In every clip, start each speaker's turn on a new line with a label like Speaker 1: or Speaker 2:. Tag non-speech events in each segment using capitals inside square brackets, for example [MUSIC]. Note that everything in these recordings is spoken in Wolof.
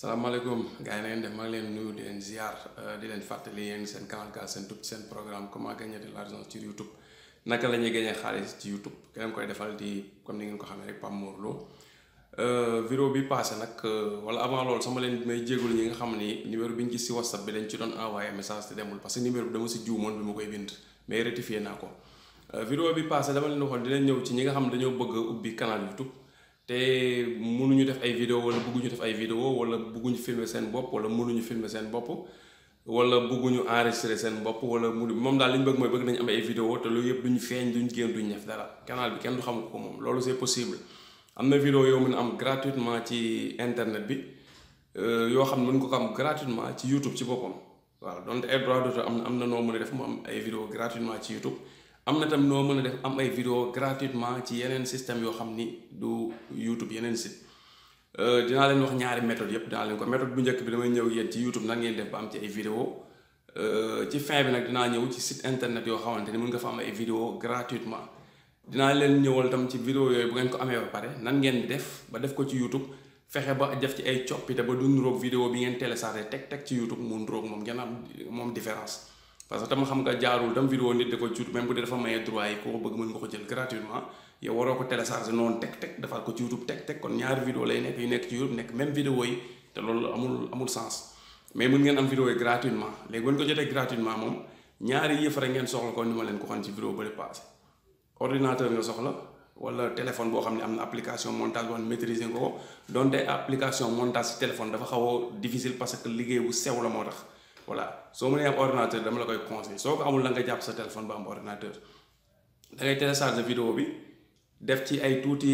Speaker 1: salaamaaleykum gars yi na def maa leen nuyu di leen ziar euh, di leen fàttali yéen seen canal Galsen Tube seen programme comment gagner de l'argent sur YouTube naka la ñuy gagner xaalis ci YouTube keneen koy defal di comme ni ngeen ko xamee rek Pape Mor euh, euh, ñi nga xam ni numéro bi ñu gis si WhatsApp bi dañ ci doon envoyé message te demul parce que dama si juumoon bi ma koy bind mais rectifié naa ko vidéo bi passé dama leen waxoon dinañ ñëw ci ñi nga xam dañoo bëgg a ubbi canal YouTube te mënuñu def ay vidéo wala bëgguñu def ay vidéo wala bëgguñu filmer seen bopp wala mënuñu filmer seen bopp wala bëgguñu enregistrer seen bopp wala mënu moom daal li ñu bëgg mooy bëgg nañu am ay vidéo te loolu yëpp duñu feeñ duñu génn duñu def dara canal bi kenn du xam ko moom loolu c'est possible am na vidéo yoo mun a am gratuitement ci internet bi euh, yoo xam ne mën ko ko am gratuitement ci YouTube ci boppam waaw donte ay droit d'auteur am na am na noo mën a def mu am ay vidéo gratuitement ci YouTube am na tam noo mën a def am ay vidéo gratuitement ci yeneen système yoo xam ni du YouTube yeneen site euh, dinaa leen wax ñaari méthode yëpp dinaa leen ko méthode bu njëkk bi damay ñëw yéen ci YouTube nan ngeen def am ci ay vidéo euh, ci fin bi nag dinaa ñëw ci site internet yoo xamante ni mën nga fa am ay vidéo gratuitement dinaa leen ñëwal tam ci vidéo yooyu bu ngeen ko amee ba pare nan ngeen def ba def ko ci YouTube fexe ba def ci ay coppite ba du nuroog vidéo bi ngeen téléchargé teg teg ci YouTube mu nuroog moom ngeen am moom différence parce que tam xam nga jaarul tam vidéo nit da ko cuut même bu dee dafa maye droit yi koo bëgg mën nga ko jël gratuitement yow waroo ko télécharger noonu teg teg defal ko ci YouTube teg kon ñaari vidéo lay nekk yu nekk ci YouTube nekk même vidéo yi te loolu amul sens mais mën ngeen am vidéo yi gratuitement léegi bu ñu ko jotee gratuitement moom ñaari yëf rek ngeen soxla ko ni ma leen ko xon ci vidéo bële passé ordinateur nga soxla wala téléphone boo xam ne am na application montage boo xam ne maîtriser nga ko donte application montage ci dafa xaw a difficile parce que liggéey bu sew la moo tax voilà soo mënee am ordinateur dama la koy conseil soo ko amul la nga jàpp sa téléphone ba am ordinateur da ngay télécharger vidéo bi def ci ay tuuti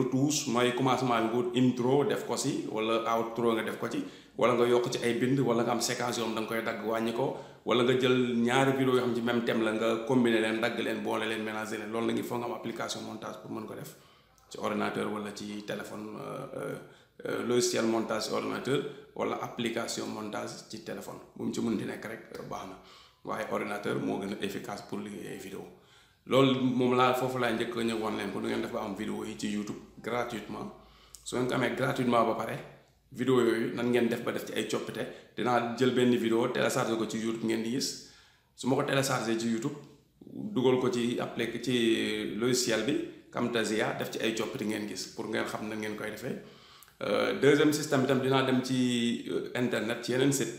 Speaker 1: retouche mooy commencement bi nga intro def ko si wala outro nga def ko ci wala nga yokk ci ay bind wala nga am séquence yoo xam da nga koy dagg wàññi ko wala nga jël ñaari vidéo yoo xam ci même thème la nga combiner leen dagg leen boole leen mélanger leen loolu la ngi foog nga am application montage pour mën ko def ci ordinateur wala ci téléphone. Euh, euh, Euh, logiciel montage ordinateur wala application montage ci téléphone bu mu ci mun di nekk rek euh, baax na waaye ordinateur moo gën a efficace pour liggéey ay vidéo loolu moom laa foofu laa njëkk a ñëw wan leen ko du ngeen def ba am vidéo yi ci YouTube gratuitement su amee gratuitement ba pare vidéo yooyu nan ngeen def ba def ci ay coppite dinaa jël benn vidéo téléchargé ko ci YouTube ngeen di gis su ma ko téléchargé ci YouTube dugal ko ci appliqué ci logiciel bi Camtasia def ci ay coppite ngeen gis pour ngeen xam na ngeen koy defee Euh, deuxième système itam dinaa dem ci euh, internet ci yeneen site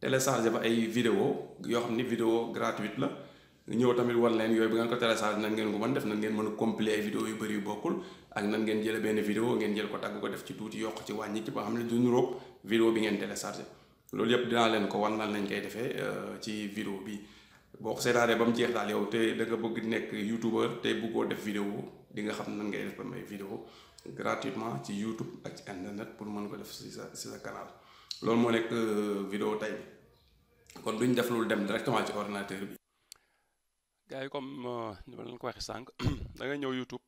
Speaker 1: téléchargé ba ay vidéo yoo xam ni vidéo gratuite la ñëw tamit wan leen yooyu bi ngeen ko téléchargé nan ngeen ko man def nan ngeen mën a compiler ay vidéo yu bëri yu bokkul ak nan ngeen jële benn vidéo ngeen jël ko tagg ko def ci tuuti yokk ci wàññi ci ba xam ne du niroog vidéo bi ngeen téléchargé loolu yëpp dinaa leen ko wan nan lañ koy defee euh, ci vidéo bi boo ko seetaanee ba mu jeex daal te da nga bëgg nekk youtubeur te bëggoo def vidéo di nga xam nan ngay def ba may gratuitement ci YouTube ak ci internet pour mën ko def si sa si sa canal loolu moo nekk euh, vidéo tey bi kon duñ def loolu dem directement ci ordinateur bi. gars yi comme euh, ni ma leen ko waxee sànq [CLEARS THROAT] da nga ñëw YouTube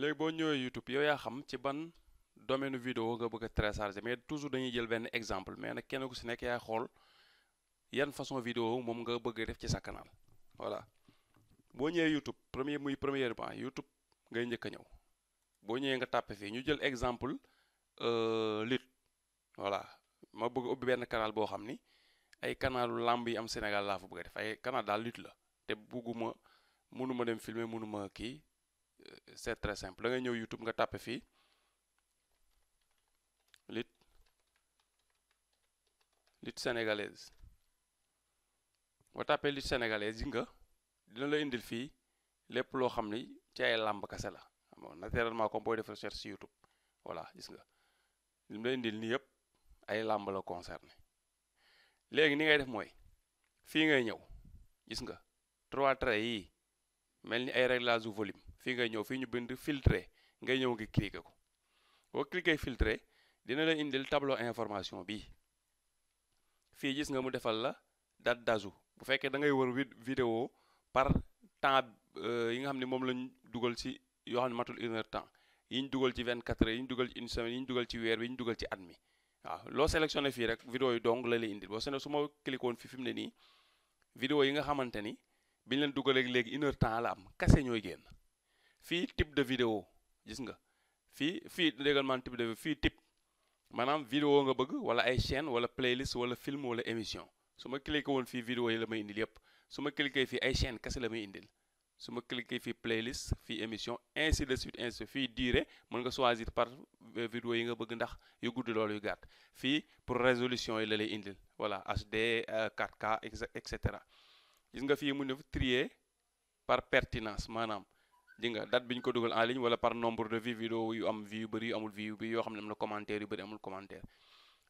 Speaker 1: léegi boo ñëwee YouTube yow yaa xam ci ban domaine nu nga bëgg a mais toujours dañuy jël benn exemple mais nag kenn ku si nekk yaay xool yan façon vidéo moom nga bëgg def ci sa voilà boo ñëwee YouTube premier muy premièrement YouTube ngay njëkk a ñëw. boo ñëwee nga tàppe fii ñu jël exemple euh, lutte voilà ma bëgg ubbi benn canal boo xam ni ay canalu làmb yi am Sénégal laa fa bëgg a def ay canal daal lutte la te bëgguma mënuma dem filmer mënuma kii euh, c'est simple da ñëw YouTube nga tàppe fii lit lutte sénégalaise boo tàppee lutte sénégalaise yi nga dina la indil fii lépp loo xam ni ci ay làmb kase la bon naturellement comme booy def recherche si YouTube voilà gis nga li la indil nii yëpp ay làmb la concerné léegi ni ngay def mooy fii ngay ñëw gis nga trois traits yii mel ni ay réglage du volume fii ngay ñëw fii ñu bind filtré ngay ñëw ngi cliquer ko boo cliquer filtre dina la indil tableau information bi fii gis nga mu defal la date d'ajout bu fekkee da ngay wër vidéo par temps euh, yi nga xam ne moom lañu dugal si yoo xam ne matul une temps yi ñu dugal ci 24 heures yi ñu dugal ci une semaine yi ñu dugal ci weer bi ñu dugal ci at mi waaw loo sélectionné fii rek vidéo yi dong la lay indil boo sene su ma cliqué woon fi yi nga xamante ni bi ñu leen dugalee léegi une heure la am kase ñooy génn fii type de vidéo gis nga fii fii également type fii type maanaam vidéo nga bëgg wala ay chaîne wala playlist wala film wala émission su fii vidéo yi la may indil yépp su ma cliqué fii ay chaîne kase la may indil su ma cliquer fii playlist fii émission ainsi de suite ainsi fii durée mën nga choisir par euh, vidéo yi nga bëgg ndax yu gudd loolu yu gàtt fii pour résolution yi la lay indil voilà HD 4K euh, et cetera gis nga fii mu ne trier par pertinence maanaam di nga date bi ñu ko dugal en ligne wala par nombre de vues vidéo yu am vues yu bëri yu amul vues yu bëri yoo xam ne am na commentaire yu bëri amul commentaire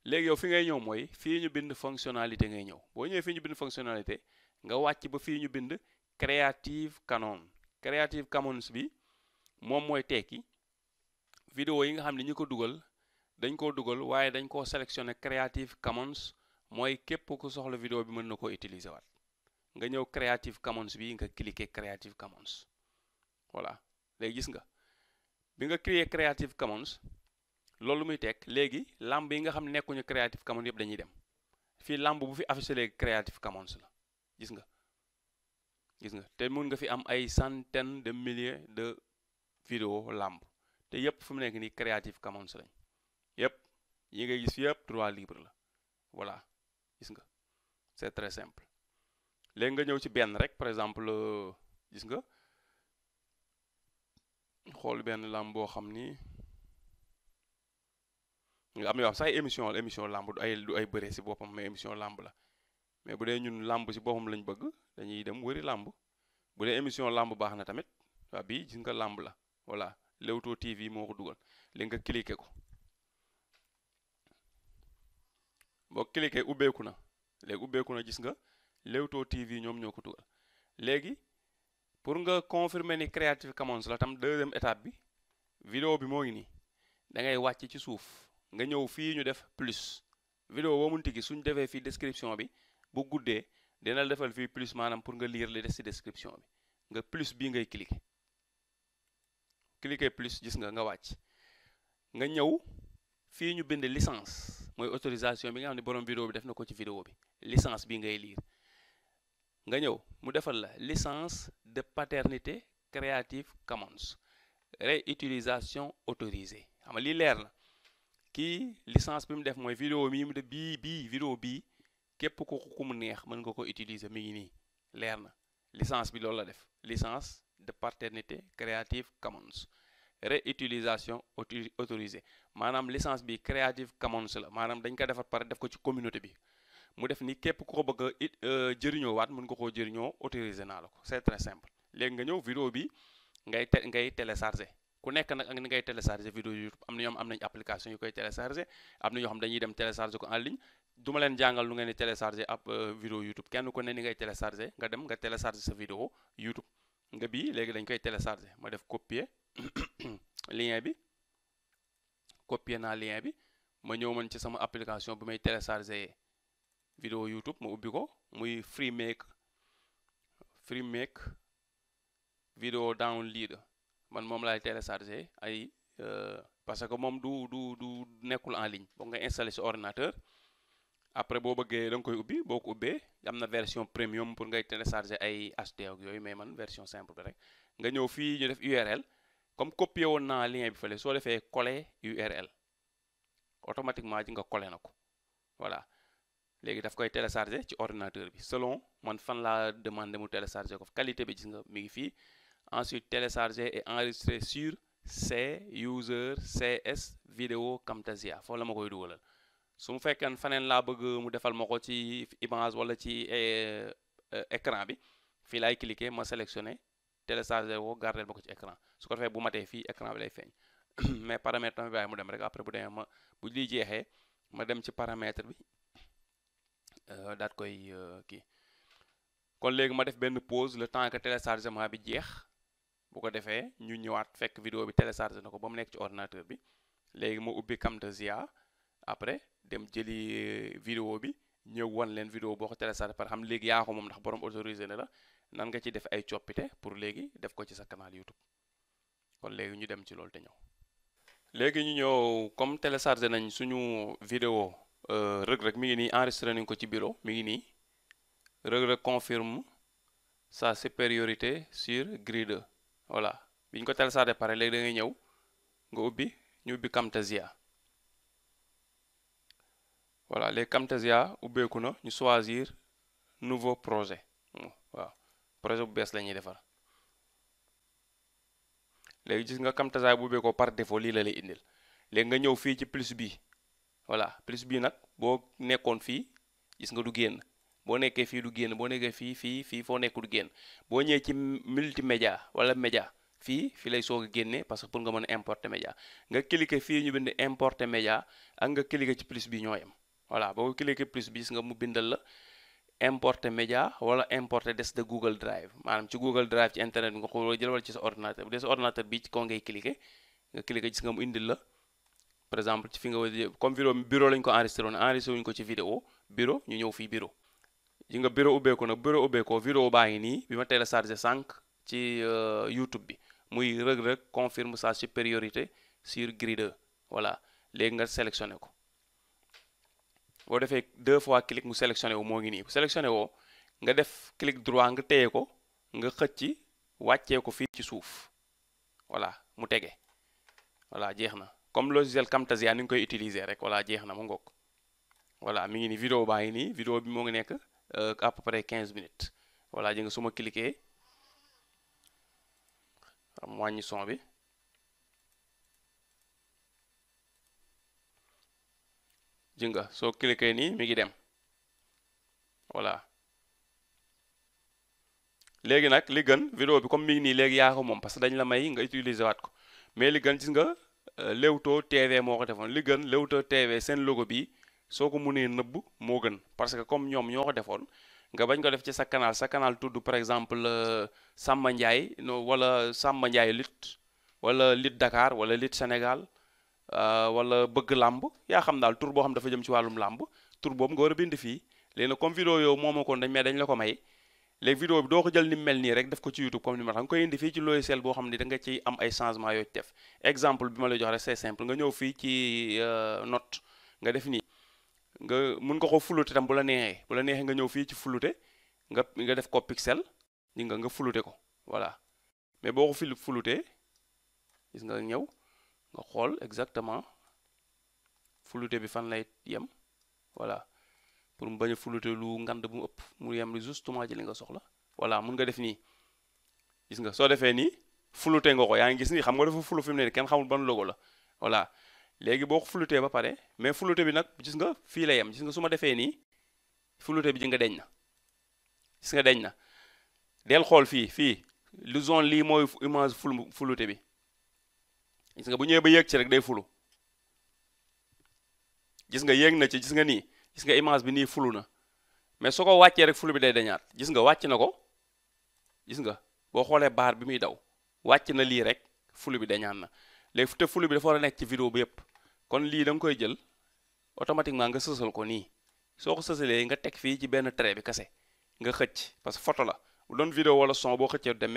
Speaker 1: léegi yow fi ngay ñëw mooy fii ñu bind fonctionnalité ngay ñëw boo ñëwee ñu bind fonctionnalité nga wàcc ba fii ñu bind Creative Commons Creative Commons bi moom mooy tekki vidéo yi nga xam ne ñi ko dugal dañ koo dugal waaye dañ koo sélectionné Creative Commons mooy képp ku soxla vidéo bi mën na ko utiliser waat nga ñëw Creative Commons bi nga cliquer Creative Commons voilà léegi gis nga bi nga créer Creative Commons loolu muy teg léegi lamb yi nga xam nekkuñu Creative Commons yëpp dañuy dem fii lamb bu fi affiché léegi Creative Commons la gis nga gis nga te mun nga fi am ay centaines de milliers de vidéo làmb te yépp fu mu nekk nii Creative Commons lañ yépp yi nga gis yépp trois libre la voilà gis nga c'est très simple léegi nga ñëw ci benn rek par exemple euh, gis nga xool benn làmb boo xam ni nga am yoo xam sax ay émission la émission làmb du ay du ay bëre si boppam mais émission làmb la mais bu dee ñun làmb ci boppam lañ bëgg dañuy dem wëri làmb bu dee émission làmb baax na tamit waa bii gis nga làmb la voilà Leewtoo TV moo ko dugal li nga cliqué ko boo cliqué ubbeeku na léegi ubbeeku na gis nga Leewtoo TV ñoom ñoo ko dugal léegi pour nga confirmer ni Creative Commons la tam deuxième étape bi vidéo bi moo ngi nii da ngay wàcc ci suuf nga ñëw fii ñu def plus vidéo boo munti gis suñ defee fii description bi bu guddee dina la defal fii plus maanaam pour nga lire li des ci description bi nga plus bi ngay cliquer cliquer plus gis nga nga wàcc nga ñëw fii ñu bind licence mooy autorisation bi nga xam ne borom vidéo bi def na ko ci vidéo bi licence bi ngay liir nga ñëw mu defal la licence de paternité Creative Commons réutilisation autorisée xam nga lii leer na kii licence bi mu def mooy vidéo mii mu def bii bii vidéo bii képp ko ku mu neex mën nga ko utiliser mi ngi nii leer na licence bi loolu la def licence de paternité Creative Commons réutilisation autorisée maanaam licence bi Creative Commons la maanaam dañ ko defar pare def ko ci communauté bi mu def nii képp ku ko bëgg a euh, jëriñoo waat mën nga koo jëriñoo autorisé naa la ko c'est très simple léegi nga ñëw vidéo bi ngay te ngay téléchargé ku nekk nag ak ni ngay téléchargé vidéo YouTube am na ñoom am nañ application yu koy am na ñoo xam ko en du ma leen jàngal lu ngeen di télécharger ab euh, vidéo YouTube kenn ku ne ni ngay télécharger nga dem nga télécharger sa vidéo YouTube nga bii léegi dañ koy télécharger ma def copier [COUGHS] lien bi copier naa lien bi ma ñëw man ci sama application bi may télécharger vidéo YouTube ma ubbi ko muy FreeMake FreeMake vidéo download man moom laay télécharger ay euh, parce que moom du du du nekkul en ligne boo nga installer ci ordinateur après boo bëggee da nga koy ubbi boo ko ubbee am na version premium pour ngay télécharger ay HD ak yooyu mais man version simple bi rek nga ñëw fii ñu def URL comme copier woon naa lien bi fële soo defee coller URL automatiquement ji nga coller na ko voilà léegi daf koy télécharger ci ordinateur bi selon man fan laa demandé mu télécharger ko qualité bi gis nga mi ngi fii ensuite télécharger et enregistrer sur C user CS vidéo Camtasia foofu la ma koy dugalal su mu fekkee faneen laa bëgg mu defal ma ko ci image wala ci eh, écran bi fii laay cliquer ma sélectionner télécharger ko garder ma ko ci ecran su ko defee bu matee fii écran bi lay feeñ [CLEARS THROAT] mais paramètre tamit bàyyi mu dem rek après bu demee ma bu lii jeexee ma dem ci paramètre bi euh, daat koy euh, kii kon léegi ma def benn pause le temps que téléchargement bi jeex bu ko defee ñu ñëwaat fekk vidéo bi téléchargé na ko ba mu nekk ci ordinateur bi léegi ma ubbi Camtasia après dem jëli euh, vidéo bi ñëw wan leen vidéo boo ko téléchargé par xam léegi yaa ko moom ndax borom autorisé na la nan nga ci def ay coppite pour léegi def ko ci sa canal YouTube kon léegi ñu dem ci loolu te ñëw. léegi ñu ñëw comme téléchargé nañ suñu vidéo euh, Reug rek mi ngi nii en enregistré nañ ko ci bureau mu ngi nii Reug Reug confirme sa supériorité sur Gris 2 voilà biñ ko téléchargé pare léegi dangay ñëw nga ubbi ñu ubbi Camtasia. voilà léegi Camtasia ubbeeku na ñu choisir nouveau projet waaw projet bu bees la ñuy defar léegi gis nga Camtasia bu ubbeekoo par défaut lii la lay indil léegi nga ñëw fii ci plus bi voilà plus bi nag boo nekkoon fii gis nga du génn boo nekkee fii du génn boo nekkee fii fii foo nekk du génn boo ñëwee ci média wala média fii fii lay soog a génnee parce que pour nga mën a importer média nga cliquer fii ñu bind importer média ak nga cliquer ci plus bi ñoo yem voilà boo cliquer plus bis nga mu bindal la importe média wala importe des de Google Drive maanaam ci Google Drive ci internet bi nga xool jël ci sa ordinateur bu dee sa bi ci kaw ngay cliquer nga cliquer gis nga mu indil la par exemple ci fi nga comme vidéo bureau lañ ko enregistré woon enregistré wuñ ko ci vidéo bureau ñu ñëw fii bureau yi nga bureau ubbeeku nag bureau ubbeekoo vidéo baa ngi nii bi ma teel a chargé sànq ci euh, YouTube bi muy rëg-rëg confirme sa supériorité sur grille 2 voilà léegi nga sélectionné ko boo defee deux fois clic mu sélectionné wu moo ngi nii bu sélectionné woo nga def clic droit nga téye ko nga xëcc wàccee ko fii ci suuf voilà mu tege voilà jeex na comme logiciel Camtasia ni ñu koy utiliser rek voilà jeex na mu ngoog voilà mi ngi nii vidéo baa ngi nii vidéo bi moo ngi nekk euh, à peu près minutes voilà ji nga su ma cliquer am wàññi son bi ji nga soo cliquer nii mi ngi dem voilà léegi nag li gën vidéo bi comme mi ngi nii léegi yaa ko moom parce que dañ la may nga utiliser waat ko mais li gën gis nga euh, Leewtoo TV moo ko defoon li gën Leewtoo TV seen logo bi soo ko mënee nëbb moo gën parce que comme ñoom ñoo ko defoon nga bañ ko def ci sa kanaal sa canal tudd par exemple euh, Samba Ndiaye no wala Samba Ndiaye Lutte wala Lutte dakaar wala Lutte Sénégal Euh, wala bëgg làmb yaa xam daal tour boo xam dafa jëm ci wàllum làmb tur boobu nga war a bind fii léegi nag comme vidéo yow moomoo koon dañ mais dañ la ko may léegi vidéo bi doo ko jël ni mel nii rek def ko ci YouTube comme ni ma la nga koy indi fii xam ne da nga ciy am ay changement yooyu def exemple bi ma la jox rek c'est simple nga ñëw fii ci euh, note nga def nii nga mun nga ko fulute tam bu la neexee bu la neexee nga ñëw fii ci fulute nga nga def ko pixel nga nga fulute ko voilà mais boo ko fil fulutee nga ñëw nga xool exactement fulute bi fan lay yem voilà pour mu bañ a fulute lu ngande bu ëpp mu yem li justement ci li nga soxla voilà mun nga def nii gis nga soo defee nii fulute nga ko yaa ngi gis nii xam nga dafa fulu fi kenn xamul ban la voilà léegi boo ko ba pare mais fulute bi nag gis nga fii lay yem gis nga su ma defee nii fulute bi ji nga deñ na gis nga deñ na del xool fii fii lu zone lii mooy image ful fulute bi gis nga bu ñëwee ba yéeg ci rek day fulu gis nga yéeg na ci gis nga nii gis nga image bi nii fulu na mais soo ko wàccee rek fulu bi day dañaat gis nga wàcc na ko gis nga boo xoolee baar bi muy daw wàcc na lii rek fulu bi dañaat na léegi te fulu bi dafa war a nekk ci vidéo bi yépp kon lii danga koy jël automatiquement nga sësal ko nii soo ko sësalee nga teg fii ci benn trait bi kase nga xëcc parce que photo la bu doon vidéo wala son boo xëccee du dem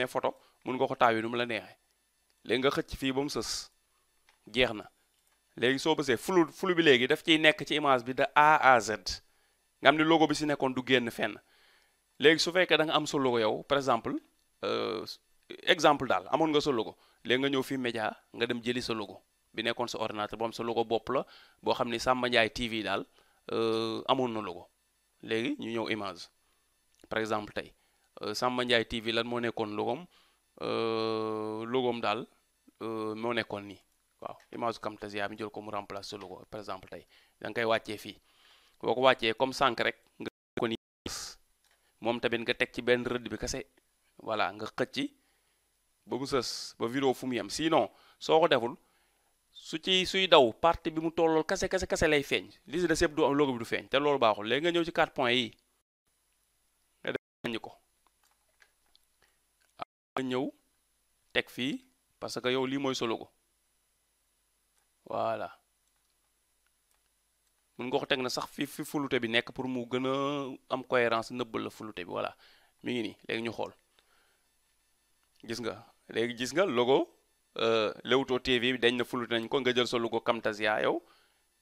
Speaker 1: mun nga ko taawi nu mu la neexee léegi nga xëcc fii ba mu sës jeex na léegi soo bësee flou flou bi léegi daf ciy nekk ci image bi da A à nga xam ne logo bi si nekkoon du génn fenn léegi su fekkee da nga am sa logo yow par exemple euh, exemple daal amoon nga sa logo léegi nga ñëw fii média nga dem jëli sa logo bi nekkoon sa ordinateur boo am sa bopp la boo xam ne Samba Ndiaye TV daal euh, amoon na logo léegi ñu ñëw image par exemple tey euh, Samba Ndiaye TV lan moo nekkoon logom Euh, logoom daal euh, moo nekkoon nii waaw image Camtasia bi jël ko mu remplace sa logo par exemple tey da nga koy wàccee fii boo ko wàccee comme sànq rek nga ko moom tamit nga teg ci benn rëdd bi kese voilà nga xëcc ba mu sës ba vidéo fu mu yem sinon soo ko deful su ci suy daw partie bi mu tollool kase kase kase lay feeñ li si des yëpp du am logo bi du feeñ te loolu baaxul léegi nga ñëw ci quatre points yi nga def ko nga ñëw teg fii parce que yow lii mooy sa logo voilà mun nga ko teg na sax fi fi fulute bi nekk pour mu gën a am cohérence nëbbal la fulute bi voilà mi ngi nii léegi ñu xool gis nga léegi gis nga logo euh, Leewtoo TV bi dañ na fulute nañ ko nga jël sa logo Camtasia yow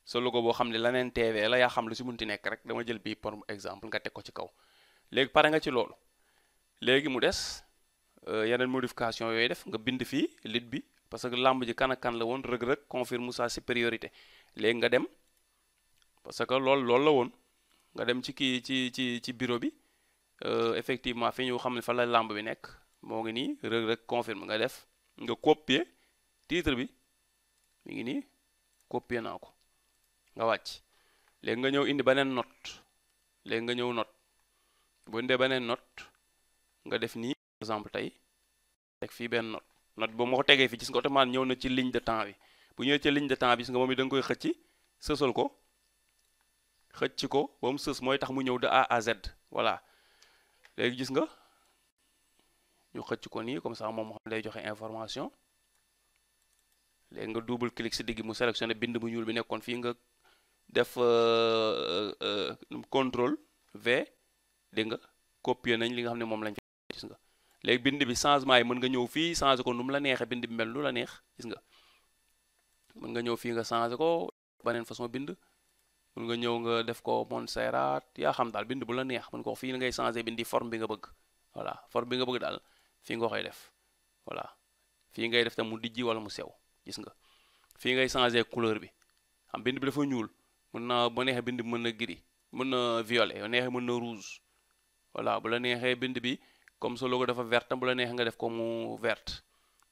Speaker 1: sa boo xam ne leneen TV la yaa xam lu si mun munti nekk rek dama jël bii par exemple nga teg ko ci kaw léegi pare nga ci loolu léegi mu des Euh, yeneen modification yooyu def nga bind fii lit bi parce que làmb ji kan kan la woon rëg-rëg confirme sa supériorité léegi nga dem parce que loolu loolu la woon nga dem ci kii ci ci ci bureau bi euh, effectivement fi ñu xam ne fa la làmb bi nekk moo ngi nii rëg-rëg confirme nga def nga copier titre bi mu ngi nii copier naa ko nga wàcc léegi nga ñëw indi beneen note léegi nga ñëw note bu indee beneen note nga def nii exemple tey teg fii benn note note boobu ma ko tegee fii gis nga automatiquement ñëw na ci ligne de temps bi bu ñëwee ci ligne de temps bi gis nga moom it da ko xëcc ko ba mu mooy tax mu ñëw de A à voilà léegi gis nga ñu xëcc ko nii comme ça moom moo xam lay joxe information léegi nga double clic si digg mu sélectionné bind bu ñuul bi nekkoon fii nga def euh, euh, euh, contrôle V dégg nga copier nañ li nga xam ne moom lañ gis nga léegi bind bi changement yi mën nga ñëw fii changer ko nu mu la neexee bind bi mel nu la neex gis nga nga ñëw fii nga changer ko beneen façon bind mën nga ñëw nga def ko Montserrat yaa xam daal bind bu la neex mën ko fii ngay changer bindi forme bi nga bëgg voilà forme bi nga bëgg daal fii nga koy def voilà fii ngay def tam mu dijji walla mu sew gis nga fii ngay changer couleur bi xam bind bi dafa ñuul mën na ba neexee bind bi mën na gris mën na violet neexee mën na rouge voilà bu la neexee bind bi comme sa logo dafa verte bu la neex nga def ko mu verte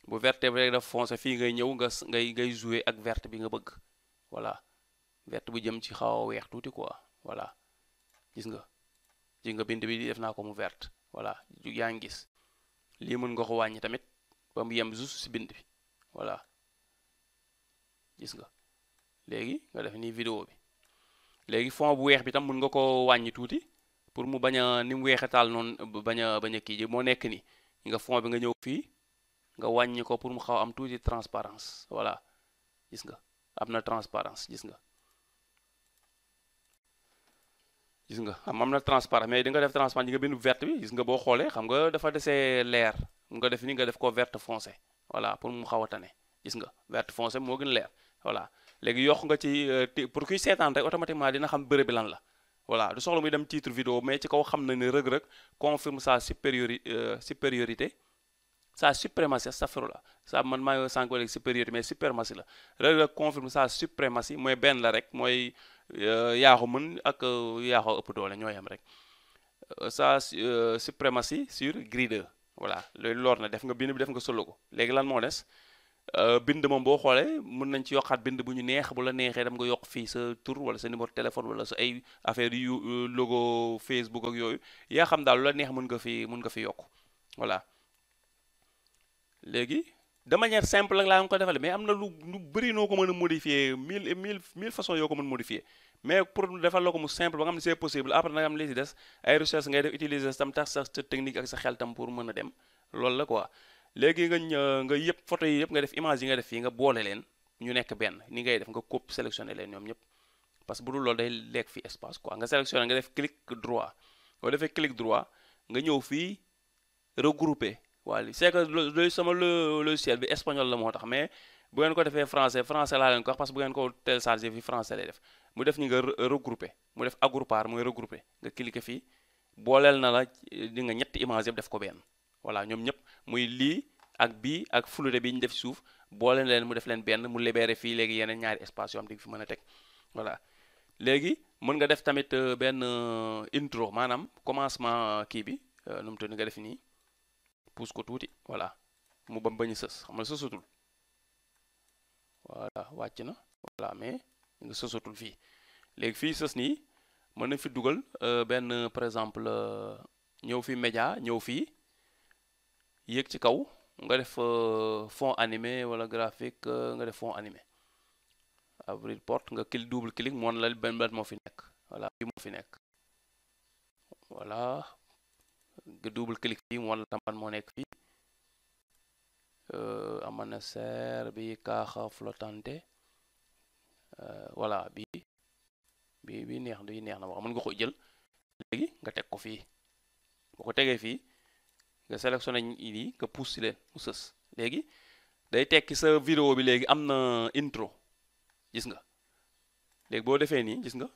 Speaker 1: bu verte bi rek dafa foncé fii ngay ñëw nga ngay ngay jouer ak verte bi nga bëgg voilà verte bu jëm ci xaw a weex tuuti quoi voilà gis nga gis nga bind bi def naa ko mu verte voilà yaa ngi gis lii mën nga ko wàññi tamit ba mu yem si bind bi voilà gis nga léegi nga def ni vidéo bi léegi fond bu weex bi tam mën nga ko wàññi tuuti pour mu bañ a ni mu weexetaal noonu bañ baña bañ kii ji moo nekk ni nga fond bi nga ñëw fii nga wàññi ko pour mu xaw am tuuti transparence voilà gis nga am na transparence gis nga gis nga am na transparence mais di nga def transparence yi nga bindu verte bi gis nga boo xoolee xam nga dafa desee leer nga def ni nga def ko verte foncé voilà pour mu xaw a tane gis nga verte foncé moo gën leer voilà léegi yokk nga ci euh, pour kuy seetaan rek automatiquement dina xam bërëb bi lan la voilà du soxla muy dem titre vidéo mais ci kaw xam na ne Reug Reug confirme sa supériori euh, supériorité sa suprématie astafirullah sa man maa ngi sànq rek mais suprématie la Reug Reug confirme sa suprématie mooy benn la rek mooy euh, yaa ko mën ak euh, yaaxo ko ëpp doole ñoo yem rek sa suprématie sur grille 2 voilà loolu lor na def nga bind bi def nga solo ko léegi lan moo des. Euh, bind moom boo xoolee mën nañ ci yokkaat bind bu ñu neex bu la neexee dam nga yokk fii sa tur wala sa numéro téléphone wala sa ay affaire yu euh, logo Facebook ak yooyu yaa xam daal lu neex mën nga fi mën nga fi yokk voilà léegi de manière simple ko defale na lu lu bëri noo ko mën a modifier mille mille mille façons yoo ko mën modifier mais pour defal la ko mu simple ba nga xam ne c'est possible après na am li ci des ay recherche ngay def utiliser tam tax sa technique ak sa xel tam pour mën a dem loolu la ko léegi nga nga yëpp photo yi yëpp nga def image yi nga def fii nga boole leen ñu nekk benn ni ngay def nga copier sélectionné leen ñoom ñëpp parce que bu dul loolu day lekk fi espace quoi nga sélectionné nga def clic droit nga ñëw fii regrouper waa li c'est que loolu sama logiciel bi espagnol la moo tax mais bu ngeen ko defee français français laa leen ko wax parce que bu ngeen ko téléchargé fi français lay def mu def ni nga regrouper mu def agrupar mooy regrouper nga cliquer fii booleel na la di nga ñetti image yëpp def ko benn voilà ñoom ñëpp muy lii ak bii ak fulure bi ñu def suuf boole leen mu def leen benn mu libéré fii léegi yeneen ñaari espace yoo am di fi mën a teg voilà léegi mën nga def tamit euh, benn euh, intro maanaam commencement euh, kii bi nu mu nga def nii pousse ko tuuti voilà mu bam bañu sës xam nga sësatul voilà wàcc na voilà mais nga sësatul fii léegi fii sës nii mën na fi dugal benn par exemple ñëw fi média ñëw fii yéeg ci kaw nga def euh, fond animé wala graphique euh, nga def fond animé avril porte nga clic double clic moon moo fi nekk voilà bi moo fi nekk wala nga double clic fii moon la moo nekk fii euh, amanecer bi kaaxa flottante voilà bi bi bi neex duy neex na wax mën nga ko jël léegi nga teg ko fii boo ko tegee fii nga sélectionné lii nga pousse si leen mu sës léegi day tekki sa vidéo bi léegi am na intro gis nga léegi boo defee nii gis nga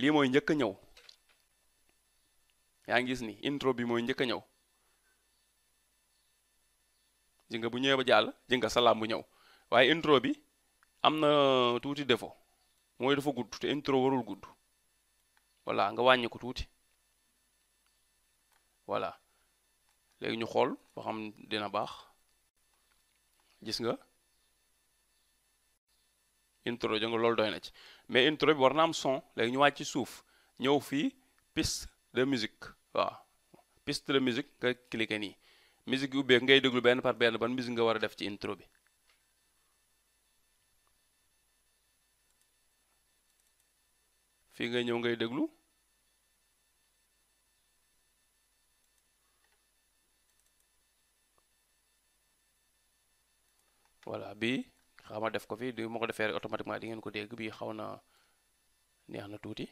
Speaker 1: lii mooy njëkk a ñëw yaa ngi gis ni intro bi mooy njëkk a ñëw ji nga bu ñëwee ba jàll ji nga salaam bu ñëw waaye intro bi am na tuuti defo mooy dafa gudd te intro warul gudd voilà nga wàññi ko tuuti voilà léegi ñu xool ba xam dina baax gis nga intro jënga loolu doy na ci mais intro bi war na am son léegi ñu wàcc ci suuf ñëw fii piste de musique waaw piste de musique nga cliqué nii musique yu ubbeek ngay déglu benn par benn ban musique nga war a def ci intro bi fii nga ñëw ngay déglu voilà bii xama def ko fi du ma ko defee automatiquement di ngeen ko dégg bii xaw na neex na tuuti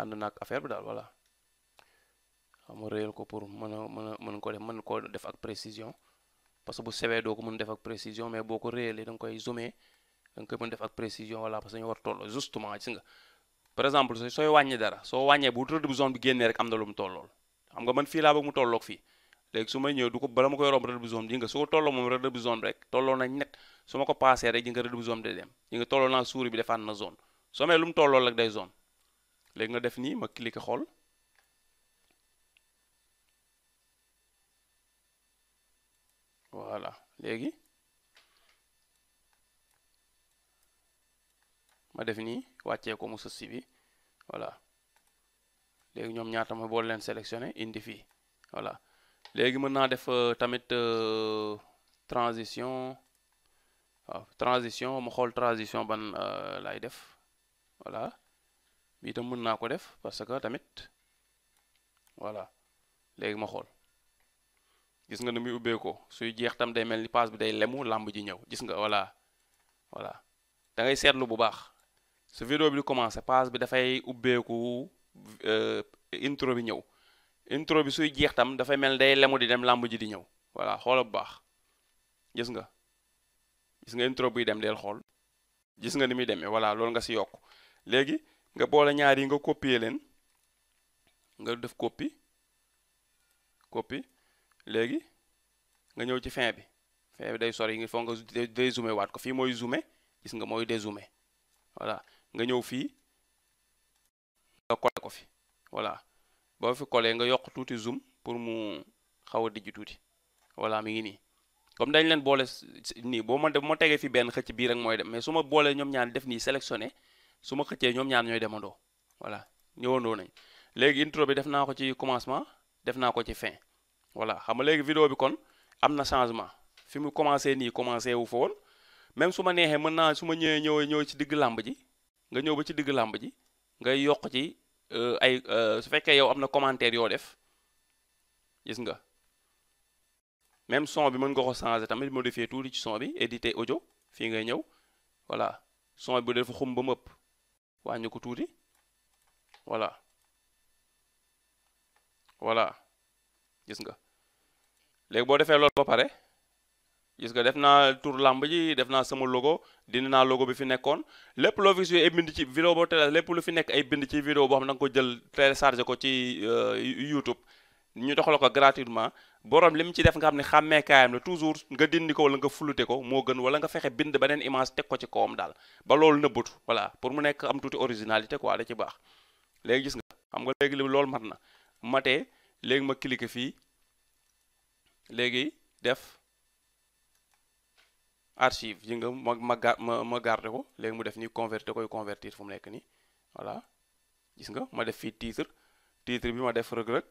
Speaker 1: ànd naag affaire bi daal voilà xam nga réyal ko pour mën a mën a mën ko def mën koo def ak précision parce que bu sewee doo ko mën def ak précision mais boo ko réyalee da nga koy zoomé da nga koy mën def ak précision voilà parce que war tolloo justement gis nga par exemple sooy wàññi dara soo wàññee bu rëdd bu zone bi génnee rek am na lu mu tollool xam nga man fii laa bëgg fii léegi su may ñëw du ko bala ma ko romb rëdd bu zone di nga su ko tolloo moom rëdd bu zone rek su ma ko paasee rek di bu zone de dem nga tolloo naa suuri bi defaan na zone soo may lu mu tolloo rek day zone léegi nga def nii ma cliquer xool voilà léegi ma def nii wàccee ko mu sës si bi voilà léegi ñoom ñaata ma boole leen sélectionné indi fii voilà léegi mën naa def euh, tamit euh, transition waaw transition ma xool transition ban euh, laay def voilà bii tam mën naa ko def parce que tamit voilà léegi ma xool gis nga nu muy ubbee ko suy jeex tam day mel ni paas bi day lemu làmb ji ñëw gis nga voilà voilà da ngay seetlu bu baax su vidéo bi di commencé paas bi dafay ubbeeku intro bi ñëw intro bi suy jeex tam dafay mel day lemu di dem làmb ji di ñëw voilà xoola bu baax gis nga gis nga intro buy dem del xool gis nga ni muy demee voilà loolu nga si yokk léegi nga boole ñaar yi nga copier leen nga def koppi copie léegi nga ñëw ci fin bi fin bi day sori yi ngi foog nga dézoomé waat ko fii mooy zoomé gis nga mooy dézoomé voilà nga ñëw fii nga collé ko fi voilà boo fi colee nga yokk tuuti zoom pour mu xaw a dijj tuuti voilà mi ngi nii comme dañ leen boole nii boo ma de ma tegee fi benn xëcc bii rek mooy dem mais su ma boolee ñoom ñaar def nii sélectionné su ma xëccee ñoom ñaan ñooy demandoo voilà ñëwandoo nañ léegi intro bi def naa ko ci commencement def naa ko ci fin voilà xam nga léegi vidéo bi kon am na changement fi mu commencé nii commencé wu fa woon même su ma neexee mën naa su ma ñëwee ñëwee ñëw ci digg làmb ji nga ñëw ba ci digg làmb ji ngay yokk ci Euh, ay euh, su fekkee yow am na commentaire yoo def gis nga même son bi mën nga ko changer tamit moo modifier tuuti ci son bi éditer audio fii ngay ñëw voilà son bi dafa xum ba mëpp wàññi ko tuuti voilà voilà gis nga léegi boo defee loolu ba pare gis nga def naa tour lamb ji def naa sama logo dindi naa logo bi fi nekkoon lépp loo bind ci vidéo boo télé lépp lu fi nekk ay bind ci vidéo boo xam ko jël téléchargé ko ci euh, YouTube ñu doxal ko gratuitement borom li mu ci def nga xam ne xàmmee kaayam la toujours nga dindi ko wala nga fulute ko moo gën wala nga fexe bind beneen image teg ko ci kawam daal ba loolu nëbbatu voilà pour mu nekk am tuuti originalité quoi da ci baax léegi gis nga xam nga léegi loolu mat na matee léegi ma cliquer fii léegi def archive yi nga ma ma ma ma garder ko léegi mu def nii convertir koy convertir fu mu nekk ni voilà gis nga ma def fii titre tiitre bi ma def Reug Reug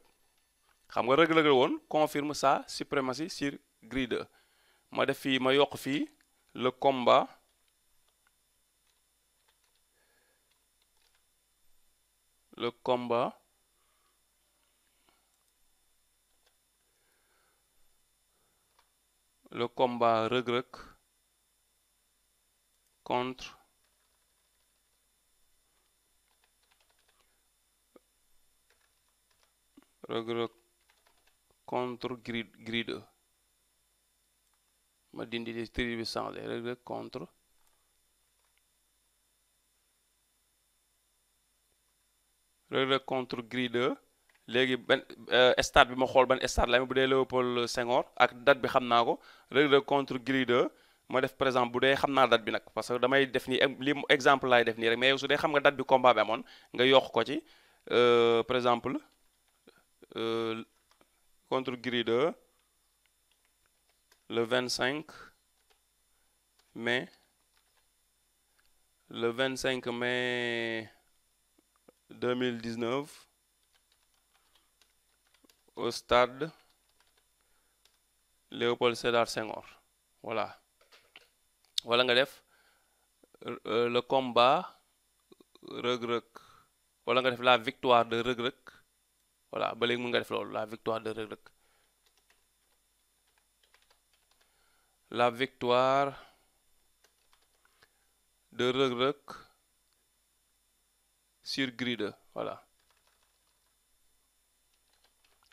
Speaker 1: xam nga Reug Reug la woon confirme sa suprématie sur grille 2 ma def fii ma yokk fii le combat le combat le combat Reug contre rëg contre grid grid ma dindi di tri bi contre rëg contre grid léegi benn eh, stade bi ma xool ban stade la ma bu dee Léopold Senghor ak date bi xam naa ko rëg contre grid ma def par exemple bu dee xam naa date bi nag parce que damay def nii li exemple laay def nii rek mais yow su dee xam nga date nga yokk ko ci euh, par exemple euh, contre Gris 2 le 25 mai le 25 mai 2019 au stade Léopold Sédar Senghor voilà wala nga def euh, le combat rëg-rëg wala nga def la victoire de rëg-rëg voilà ba léegi mën nga def loolu la victoire de rëg-rëg la victoire de rëg-rëg sur grille 2 voilà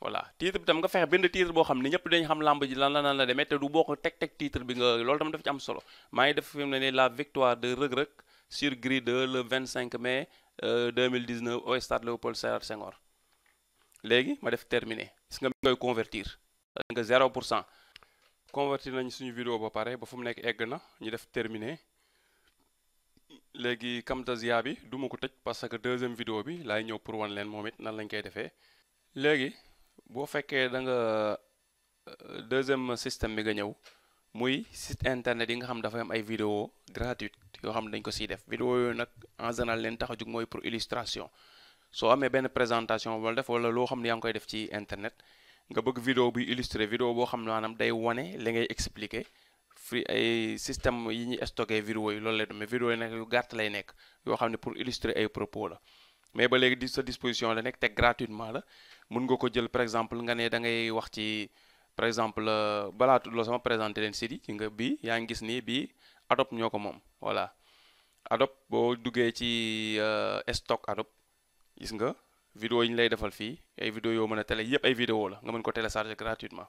Speaker 1: voilà titre bi tam nga fexe benn titre boo xam ne ñëpp dañ xam lamb ji lan la nan la demee te du boo ko teg teg titre bi nga loolu tam dafa ci am solo maa ngi def fi mu ne nii la victoire de Reug Reug sur grille de le 25 mai 2019 euh, au stade Léopold Sédar Senghor léegi ma def terminé gis nga mi koy nga 0 pour cent convertir nañ suñu vidéo ba pare ba fu mu nekk egg na ñu def terminé léegi Camtasia bi du ma ko tëj parce que deuxième vidéo bi laay ñëw pour wan leen moom it nan lañ koy defee léegi boo fekkee da nga euh, deuxième système bi nga ñëw muy site internet yi nga xam dafay am ay vidéo gratuite yoo xam dañ ko siy def vidéo yooyu nag en leen tax a jug mooy pour illustration soo amee benn présentation wala def wala loo xam ne yaa ngi koy def ci internet nga bëgg vidéo buy illustré vidéo boo xam ne maanaam day wane li ngay expliquer fi ay système yi ñuy stocké vidéo yi loolu lay doon mais vidéo yi yu gàtt lay nekk yoo xam ne pour illustrer ay propos la mais ba léegi di sa disposition la nekk te gratuitement la mun nga ko jël par exemple nga ne da ngay wax ci par exemple euh, balaa tuddloo sama présenté leen site yi ci nga bii yaa ngi gis nii bii Adobe ñoo ko moom voilà Adobe boo duggee ci euh, stock Adobe gis nga vidéo yi ñu lay defal fii ay vidéo yoo mën a télé yëpp ay vidéo la nga mën ko télécharger gratuitement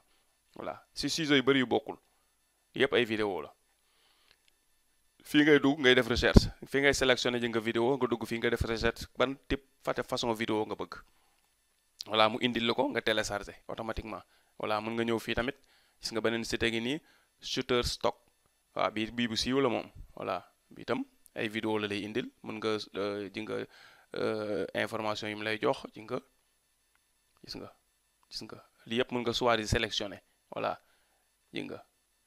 Speaker 1: voilà si ciseaux yu bëri yu bokkul yëpp ay vidéo la fii ngay dugg ngay def recherche fii ngay sélectionné ji nga vidéo nga dugg fii nga def recherche ban type fate façon vidéo nga bëgg voilà mu indil la ko nga téléchargé automatiquement voilà mën nga ñëw fii tamit gis nga beneen site gi nii Shutterstock waaw bii bii bu siiw la moom voilà bi itam ay vidéo la lay indil mën nga euh, ji nga euh, information yi mu lay jox ji nga gis nga gis nga lii yëpp mën nga choisir sélectionné voilà ji nga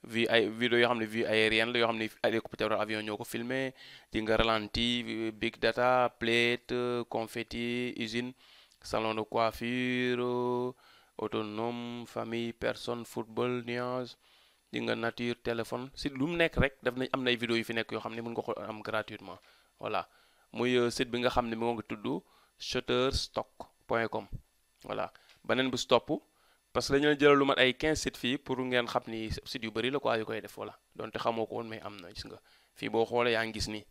Speaker 1: vie ay vidéo yoo xam ne vie aérienne la yoo xam ne ay hélicoptère avion ñoo ko filmé di nga ralenti big data plate confetti usine salon de coiffure autonome famille personne football nuage di nga nature téléphone si lu mu nekk rek daf nañ am nay vidéo yu fi nekk yoo xam ne mën nga ko am gratuitement voilà muy euh, site bi nga xam ne moo ngi tudd stock point com voilà beneen bu stopp parce que dañu leen jëlal lu mat ay 15 sites fii pour ngeen xam ni sites yu bëri la ko yu koy def voilà donte xamoo ko woon mais am na gis nga fii boo xoolee yaa ngi gis nii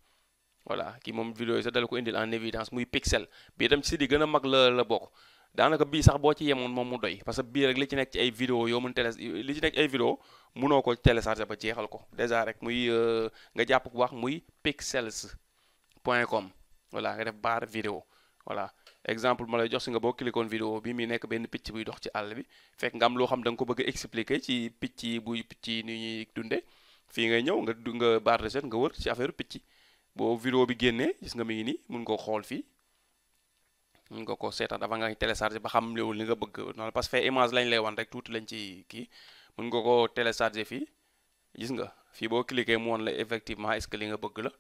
Speaker 1: voilà kii moom vidéo yi sax dala ko indil évidence muy pixel bii tam ci sites yi gën a mag la la bii sax boo ci yemoon moom mu doy parce que bii rek li ci nekk ci ay vidéo yoo mën télé li ci nekk munoo ko télécharger ba jeexal ko déjà rek muy euh, nga jàpp ko wax muy pixels point com voilà nga def baar vidéo voilà exemple ma lay jox si nga boo cliquoon vidéo bi mu nekk benn picc buy dox ci àll bi fekk nga am loo xam da ko bëgg a expliquer ci picc yi buy picc yi ni ñuy dundee fii ngay ñëw nga nga barre set nga wër ci affaire picc boo vidéo bi génnee gis nga mi ngi nii mun koo xool fii mun nga ko seetaan avant nga télécharger ba xam léewul li nga bëgg noonu parce que image lañ lay wan rek tuuti lañ ci kii mun nga ko télécharger fii gis nga fii boo cliquer mu woon la effectivement est-ce li nga bëgg la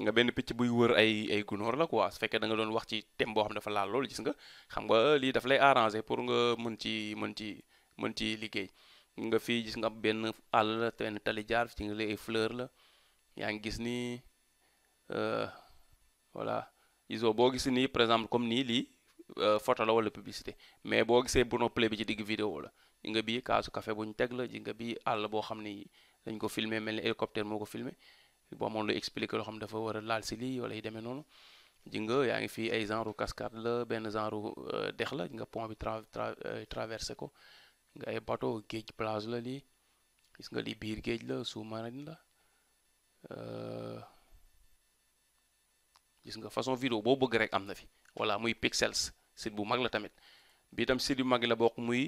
Speaker 1: nga benn picc buy wër ay ay gunóor la quoi su fekkee danga doon wax ci thème boo xam dafa laal loolu gis nga xam nga lii dafa lay arranger pour nga mën ci mën ci mën ci liggéey nga fii gis nga benn àll la benn tali nga lay ay la yaa ngi gis ni euh, voilà iso boo gis nii par exemple comme nii lii euh, photo la wala publicité mais boo gisee bonoplay bi ci digg vidéo la ji bu ñu teg ji nga bii àll boo xam ni dañ ko filmer mel ni hélicoptère moo ko filmer boo amoon lu expliqué loo xam dafa war a laal si lii wala yi demee noonu ji nga yaa ngi fii ay genre cascade la benn genre euh, dex la nga pont bi tra euh, traversé ko nga ay bateau géej plage la lii gis nga lii biir géej la sous-marine la euh, gis nga façon vidéo boo bëgg rek am na fi voilà muy pixels site bu mag la tamit bi itam site bu mag la bokk muy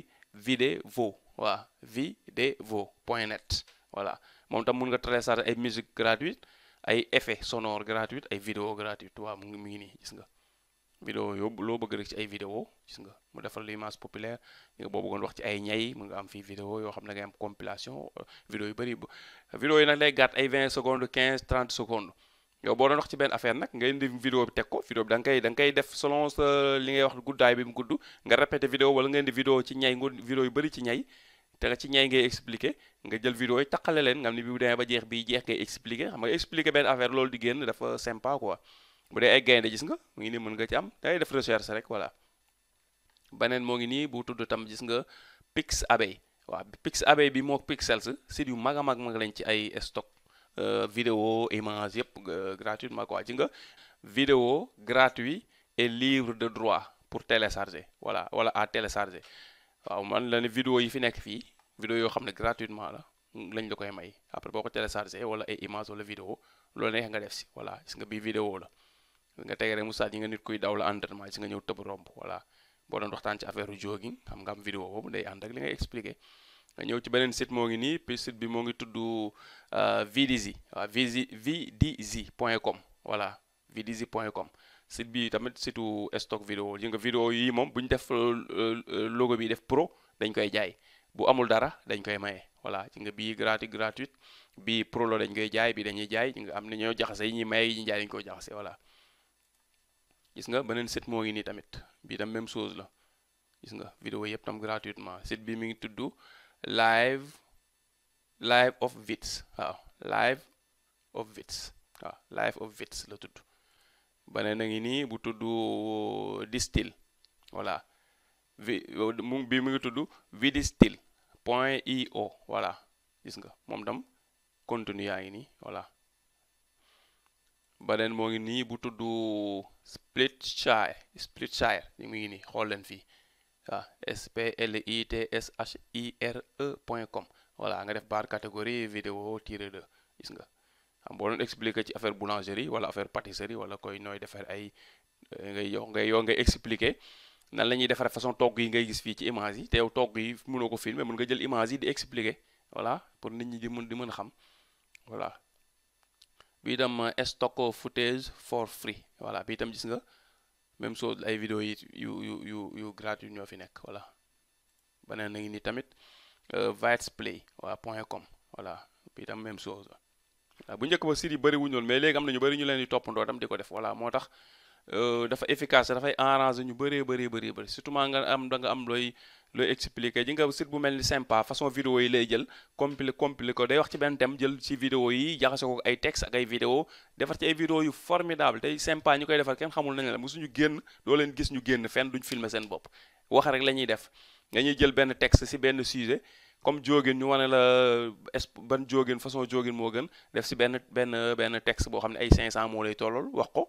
Speaker 1: vidéo waaw vidéo point net voilà moom tam mun nga télécharger ay musique gratuite ay effet sonore gratuite ay vidéo gratuite waaw mu ngi mu ngi nii gis nga vidéo yow loo bëgg rek ci ay vidéo gis nga mu defal l'image populaire nga boo bëggoon wax ci ay ñay mu nga am fii vidéo yoo xam ne ngay am compilation euh, vidéo yu bëri vidéo yi nag lay gàtt ay 20 secondes 15 30 secondes yow boo doon wax ci benn affaire nag nga indi vidéo bi teg ko vidéo bi da nga koy da koy def selon sa li ngay wax guddaay bi mu gudd nga répété vidéo wala nga ci ñay nga vidéo yu bëri ci ñay te nga ci ñay ngay expliqué nga jël vidéo yi taqale leen nga xam ne bii bu demee ba jeex bii jeex ngay expliquer xam nga expliquer benn affaire loolu di génn dafa sympa quoi bu dee ay gaynde gis nga mu ngi nii mën nga ci am dangay def recherche rek voilà beneen moo ngi nii bu tudd tam gis nga waa waaw Pixabay bi moo Pixels site yu mag a mag mag lañ ci ay stock euh, vidéo image yëpp euh, gratuitement quoi ci nga vidéo gratuit et libre de droit pour télécharger voilà wala à télécharger waaw man la ne yi fi nekk fii vidéo yoo xam ne gratuitement la lañ la koy may après boo ko téléchargé wala ay image wala vidéo loolu neex nga def si voilà gis nga bi vidéo la nga tege rek Moussa yi nga nit kuy daw la entraînement si nga ñëw tëb romb voilà boo doon waxtaan ci affaire jogging xam nga am vidéo boobu day ànd ak li ngay expliqué nga ñëw ci beneen sit moo ngi nii puis site bi moo ngi tudd euh, Vidizi waaw Vidizi Vidizi point com voilà Vidizi point com site bi tamit situ stock vidéo yi nga vidéo yi moom bu ñu def euh, euh, logo bi def pro dañ koy jaay bu amul dara dañ koy maye voilà ci nga bii gratuit gratuit bii prolo dañ koy jaay bi dañuy jaay nga am na ñoo jaxase yi ñuy maye yi ñuy jaay dañ koy jaxase voilà gis nga beneen sit moo ngi nii tamit bii tam même chose la gis nga vidéo yëpp tam gratuitement site bi mi ngi tudd live live of vits waaw live of vits waaw live of vits la tudd beneen a ngi nii bu tudd distil voilà bi mu bii mu ngi tudd vidistil point io voilà gis nga moom tam continue yaa ngi nii voilà beneen moo ngi nii bu tudd Splitshire Splitshire mu ngi nii xool leen fii waaw s p l i i r e point com voilà nga def barre catégorie vidéo tiré de gis nga xam boo doon expliquer ci affaire boulangerie wala affaire pâtisserie wala koy nooy defar ay ngay yow ngay yow ngay expliquer nan la ñuy defaree façon togg yi ngay gis fii ci image yi te yow togg yi mënoo ko filmer mën nga jël image yi di expliquer voilà pour nit ñi di mën di mën a xam voilà. bii tam euh, stock footage for free voilà bii tam gis nga même chose ay vidéo yi yu yu yu yu gratuit ñoo fi nekk voilà. beneen na ngi nii tamit euh, vitesplay voilà point com voilà bii tam même chose bu njëkk ba siri bëri wuñu woon mais léegi am na ñu bari ñu leen di toppandoo tam di ko def voilà moo tax. Euh, dafa efficace dafay arranger ñu bëree bëree bëri bëri surtout maa nga am da nga am looy looy expliquer ji nga site bu mel ni sympa façon vidéo yi lay jël compilé compilé ko day wax ci benn thème jël ci vidéo yi jaxase ko ay texte ak ay vidéo defar ci ay vidéo yu formidable tey sympa ñu koy defar kenn xamul nañ la suñu génn doo leen gis ñu génn fenn duñ filmer seen bopp wax rek la ñuy def dañuy jël benn texte si benn sujet comme jógin ñu wane la euh, es ban jógin façon jógin moo gën def si benn benn benn texte boo xam ne ay 500 moo lay tollool wax ko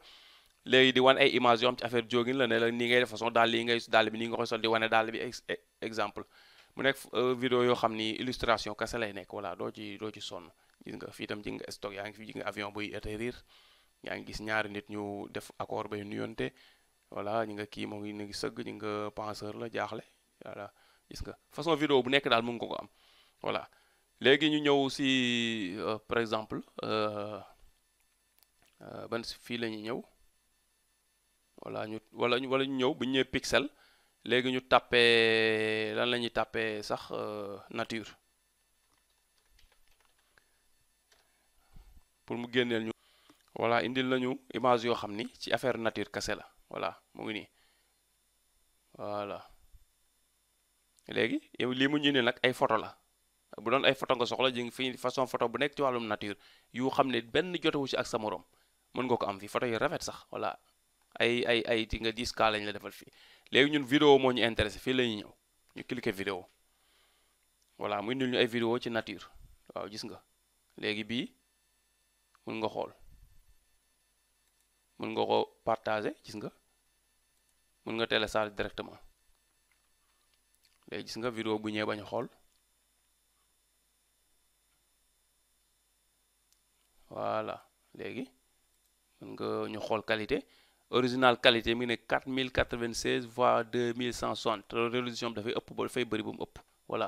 Speaker 1: léegi di wan ay image yoo xam ci affaire jogging la ne la nii ngay def façon daal lii ngay daal bi nii nga koy sol di wane daal bi e-, exemple mu nekk euh, vidéo yoo xam ni illustration kese lay nekk voilà doo ci doo ci sonn gis nga fii tam ji nga stock yaa ngi fi ji nga avion buy atterrir yaa ngi gis ñaari nit ñu def accord bay nuyonte voilà ñi nga kii moom ñu ngi sëgg ñi nga penseur la jaaxle voilà gis nga façon vidéo bu nekk daal mu ngi ko am voilà léegi ñu ñëw si euh, par exemple euh, ban fii la ñuy ñëw wala ñu wala ñu wala ñu ñëw bu ñu ñëwee pixel léegi ñu tàppee lan la ñuy tàppee sax euh, nature pour mu génneel ñu. voilà indil lañu image yoo xam ni ci affaire nature kase la voilà mu ngi nii voilà léegi lii mu ñu ne nag ay photo la bu doon ay photo nga soxla ji fi façon photo bu nekk ci wàllum nature yu xam ne benn jotewu ci ak sa moroom mën nga ko am fi photo yu rafet sax voilà. ay ay ay ti nga 10 cas lañ la defal fii léegi ñun vidéo moo ñu intéressé fii la ñuy ñëw ñu cliqué vidéo voilà mu indil ñu ay vidéo ci nature waaw gis nga léegi bii mun nga xool mun nga ko partager gis nga mun nga télécharger directement léegi gis nga vidéo bu ñëwee bañ xool voilà léegi mun nga ñu xool qualité original qualité mi ngi ne 4096 voire 2160 résolution bi dafay ëpp ba dafay bëri ba mu ëpp voilà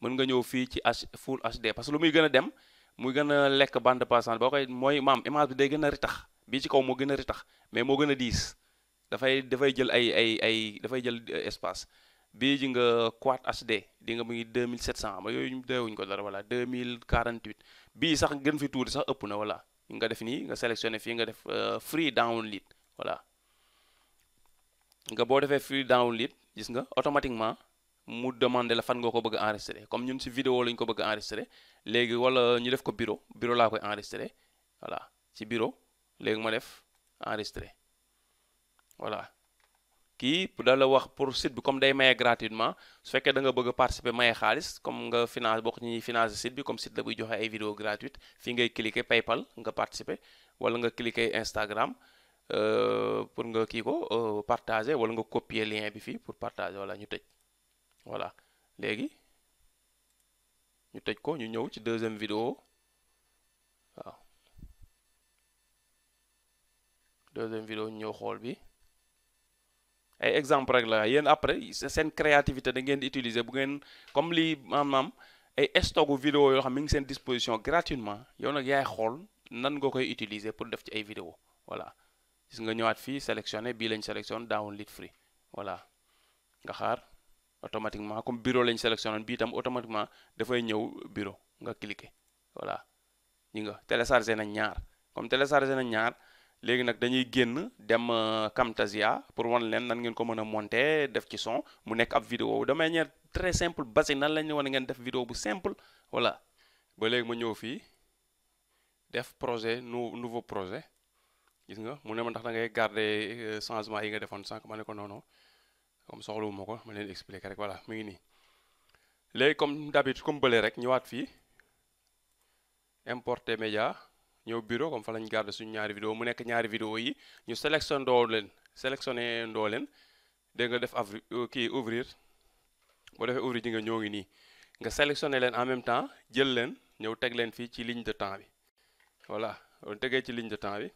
Speaker 1: mën nga ñëw fii ci H full HD parce que lu gën a dem muy gën a lekk bande passante boo koy mooy maam image bi gën a bii ci kaw moo gën a ritax mais moo gën a diis dafay dafay jël ay ay ay dafay jël euh, espace bii ji nga quad HD di nga mu ngi 2700 ma yooyu deewuñ ko dara voilà 2048 bii sax gën fi tuuti sax ëpp na voilà nga def nii nga sélectionné fii nga def euh, free download voilà nga boo defee free download it gis nga automatiquement mu demande la fan nga ko bëgg a comme ñun si vidéo la ñu ko bëgg a léegi wala ñu def ko bureau bureau laa koy enregistré voilà ci bureau léegi ma def enregistré voilà kii da la wax pour site bi comme day maye gratuitement su fekkee da nga bëgg a participer maye xaalis comme nga finance bokk ñuy finance site bi comme site la buy joxe ay vidéo gratuite fii ngay cliquer PayPal nga participer wala nga cliquer Instagram Euh, pour nga kii ko euh, partager wala nga copier lien bi fii pour partager wala ñu tëj voilà léegi ñu tëj ko ñu ñëw ci deuxième vidéo waaw deuxième vidéo ñu ñëw xool bi ay exemple rek la yéen après seen créativité da ngeen di utiliser bu ngeen comme lii maam maam ay stocku vidéo yoo xam mi ngi seen disposition gratuitement yow nag yaay xool nan ngoo koy utiliser pour def ci ay vidéo voilà gis nga ñëwaat fii sélectionné bii lañ sélectionné download lead free voilà nga xaar automatiquement comme bureau lañ sélectionné bii tam automatiquement dafay ñëw bureau nga cliqué voilà ñi nga téléchargé nañ ñaar comme téléchargé na ñaar léegi nag dañuy génn dem euh, Camtasia pour wan leen nan ngeen ko mën a monter def ci son mu nekk ab vidéo de manière très simple basique nan lañ wan ngeen def vidéo bu simple voilà ba léegi ma ñëw fii def projet nouveau projet gis nga mu ne ma ndax da ngay garder euh, changement yi nga defoon sànq ma ne ko non non comme ma ko ma leen expliquer rek voilà mu ngi nii léegi comme d'habitude comme bële rek ñëwaat fii importe média ñëw bureau comme fa lañ garder suñu ñaari vidéo mu nekk ñaari video yi ñu sélectionné ndoo leen sélectionné ndoo leen def avri euh, kii ouvrir boo defee ouvrir ji nga ñoo ngi nii nga sélectionné leen en même temps jël leen ñëw teg leen fii ci ligne de temps bi voilà loolu tegee ci ligne de temps bi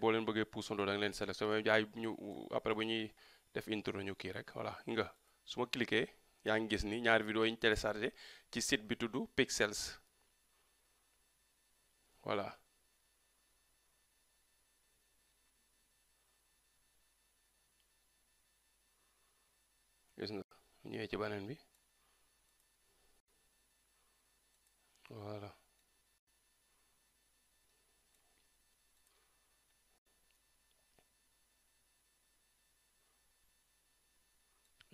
Speaker 1: boo leen bëggee puusandoo da nga leen sélectionné jaay ñu après bu ñuy def intro ñu kii rek voilà nga su ma cliqué yaa ngi gis ni ñaari vidéo yi ñu téléchargé ci sit bi tudd Pixels voilà is nga ñëwee ci beneen bi voilà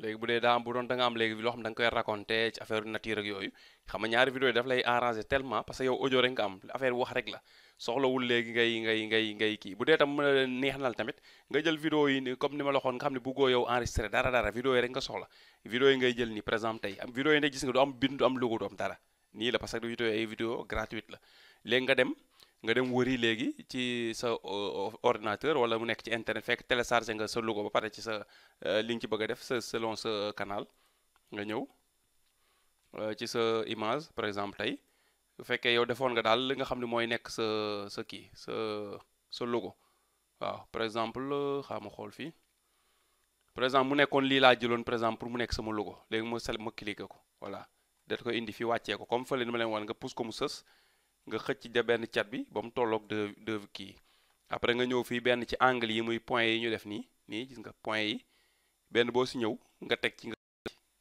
Speaker 1: léegi bu dee daa am bu doon da nga am léegi loo xam da nga koy raconté ci affaire nature ak yooyu xam nga ñaari vidéo yi daf lay arrangé tellement parce que yow audio rek nga am affaire wax rek la soxlawul léegi ngay ngay ngay ngay kii bu dee tam neex nal tamit nga jël vidéo yi comme ni ma la waxoon nga xam ne buggoo yow enregistré dara dara vidéo yi rek nga soxla vidéo yi ngay jël nii par exemple tey am vidéo yi ne gis nga du am bind du am logo du am dara nii la parce nga dem nga dem wëri léegi ci sa ordinateur wala mu nekk ci internet fekk téléchargé nga sa logo ba pare ci sa euh, li nga ci bëgg a def sa selon sa canal nga ñëw euh, ci sa image par exemple tey bu fekkee yow defoon nga daal li nga xam ne mooy nekk sa sa kii sa sa logo waaw par exemple euh, xaa ma xool fii par exemple mu nekkoon lii laa jëloon par exemple pour mu nekk sama logo léegi ma sel ma cliqué ko voilà da ko indi fi wàccee ko comme fële ni ma leen wan nga pousse ko mu sës nga xëcc ja benn cat bi ba mu tolloog deux deux kii après nga ñëw fii benn ci angle yi muy point yi ñu def nii nii gis nga point yi benn boo si ñëw nga teg ci nga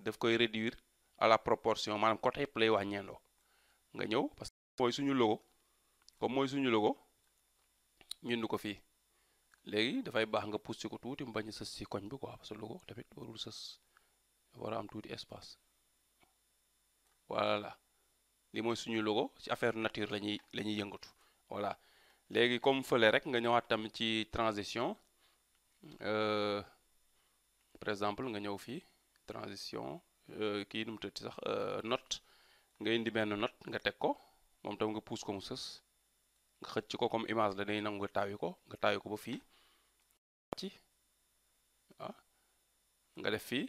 Speaker 1: daf koy réduire à la proportion maanaam côté yëpp lay wàññeendoo nga ñëw parce que mooy suñu logo comme mooy suñu logo ñun du ko fii léegi dafay baax nga pousser ko tuuti mu bañ sës si koñ bi quoi parce que logo tamit warul sës war a am tuuti espace la li mooy suñu logo ci affaire nature la ñuy la ñuy yëngatu voilà léegi comme fële rek nga ñëwaat tamit ci transition euh, par exemple nga ñëw fii transition euh, kii nu mu tëdd sax euh, not nga indi benn not nga teg ko moom tam nga pousse ko mu sës nga xëcc ko comme image la day nangu nga taayu ko nga taayu ko ba fii ci ah, nga def fii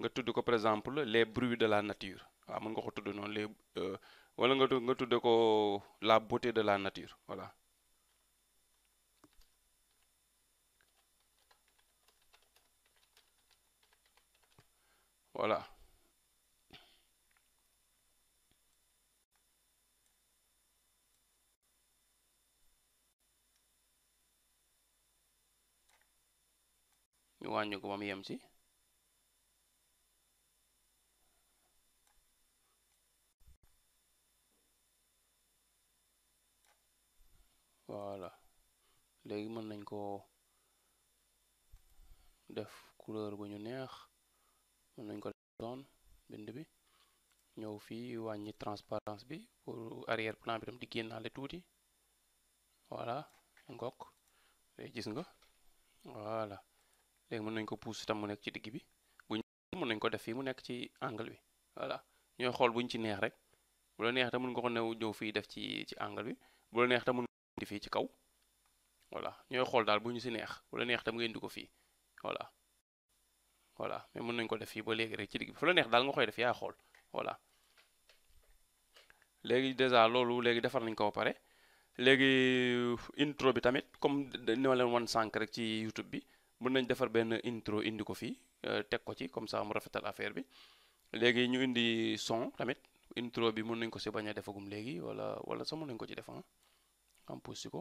Speaker 1: nga tudd ko par exemple les bruits de la nature waa mën nga ko tudd noonu les euh, wala nga nga tudde ko la beauté de la nature voilà voilà ñu wàññi ko yem si voilà léegi mën nañ ko def couleur bu ñu neex mën nañ ko def zone bind bi ñëw fii wàññi transparence bi pour arrière plan bi tam di génnaale tuuti voilà ngokk léegi gis nga voilà léegi mën nañ ko pousse tam mu nekk ci digg bi bu mën nañ ko def fii mu nekk ci angle bi voilà ñooy xool buñ ci neex rek bu la neex tam mën nga ko new fii def ci ci angle bi fii ci kaw voilà ñooy xool daal bu ñu si neex bu la neex tam nga indi ko fii voilà voilà mais mën nañ ko def fii ba léegi rek ci digg fu la neex daal nga koy def yaa xool voilà léegi déjà loolu léegi defar nañ ko ba pare léegi euh, intro bi tamit comme ni ma leen sànq rek ci YouTube bi mën nañ defar benn intro indi ko fii euh, teg ko ci comme ça mu rafetal affaire bi léegi ñu indi son tamit intro bi mën nañ ko si bañ a defagum léegi wala wala sa mën nañ ko ci def 안 ko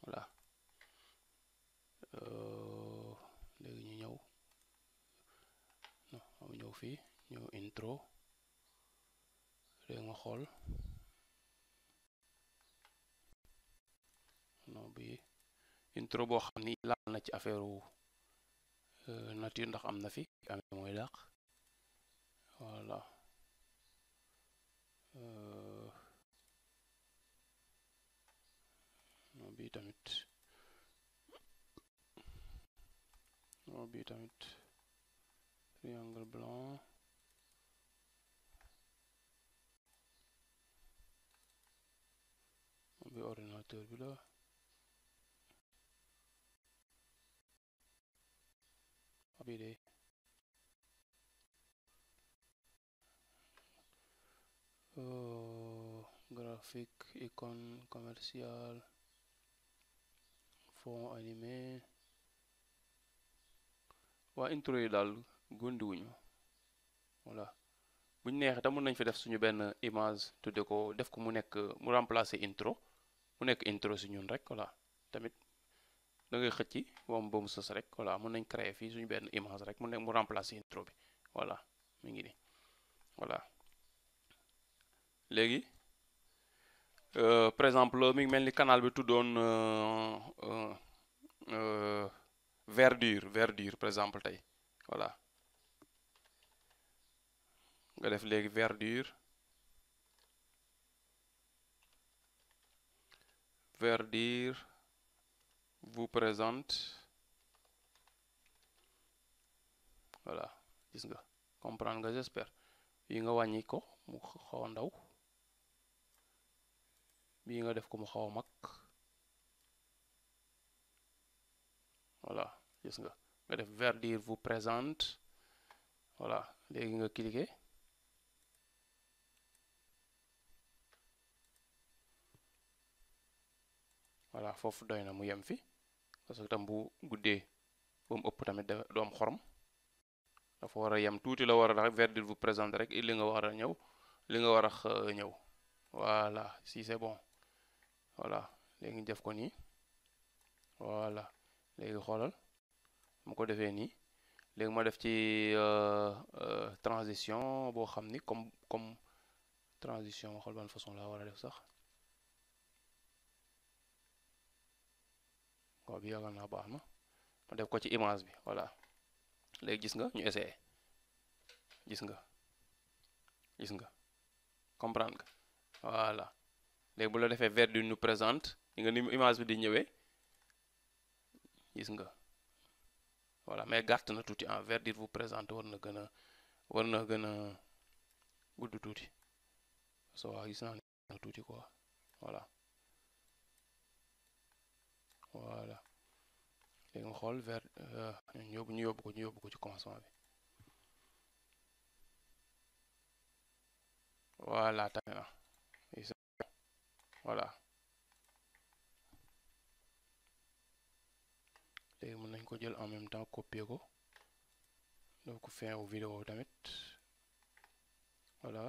Speaker 1: voilà euh, léegi ñu ñëw non ñëw fii ñëw intro léegi nga xool non bi intro boo xam ni laal na ci affaire wu euh, nature ndax am na fi amee mooy dàq voilà non äh, tamit non bii tamit triangle blanc bi ordinateur bi la bii de oh, graphic icon commercial fond animé waa intro yi daal gondiwuñu voilà buñ neexee tam mën nañ fi def suñu benn image tudde ko def ko mu nekk mu remplacer intro mu nekk intro si ñun rek voilà tamit dangay ngay xëcc moom ba mu sës rek voilà mën nañ créer fii suñu benn image rek mu nekk mu remplacer intro bi voilà mi ngi nii voilà léegi euh, par exemple mi ngi mel ni canal bi tuddoon euh, euh, verdure verdure par exemple tey voilà nga def léegi verdure verdure vous présente voilà gis nga comprend nga j'espère yi nga wàññi ko mu xaw a ndaw bii nga def ko mu xaw a mag voilà gis nga nga def verdir vous présente voilà léegi nga cliquer voilà foofu doy na mu yem fi parce que tam bu guddee ba mu ëpp tamit du am xorom dafa war a yem tuuti la war a rek verdir vous présente rek li nga war a ñëw li nga war a ñëw voilà si c'est bon voilà léegi ñu def ko nii voilà léegi xoolal mu ko defee nii léegi ma def ci euh, euh, transition boo xam ni comme comme transition ma xool ban façon laa war def sax waaw bi yaakaar naa baax na ma def ko ci image bi voilà léegi gis nga ñu essayé gis nga gis nga comprendre nga voilà léegi bu la defee Verdi nous présente yi nga ni image bi di ñëwee gis nga walla mais gàtt na tuuti en ah, Verdi vous présente war na gën a war na gën a gudd tuuti so waaw gis naa ne tuuti ko voilà voilà léegi nga xool ver euh, ñu yóbbu ñu yóbbu ko ñu yóbbu ko ci commencement bi voilà tane na ah. voilà léegi mën nañ ko jël en même temps copier ko def ko fin wu vidéo tamit voilà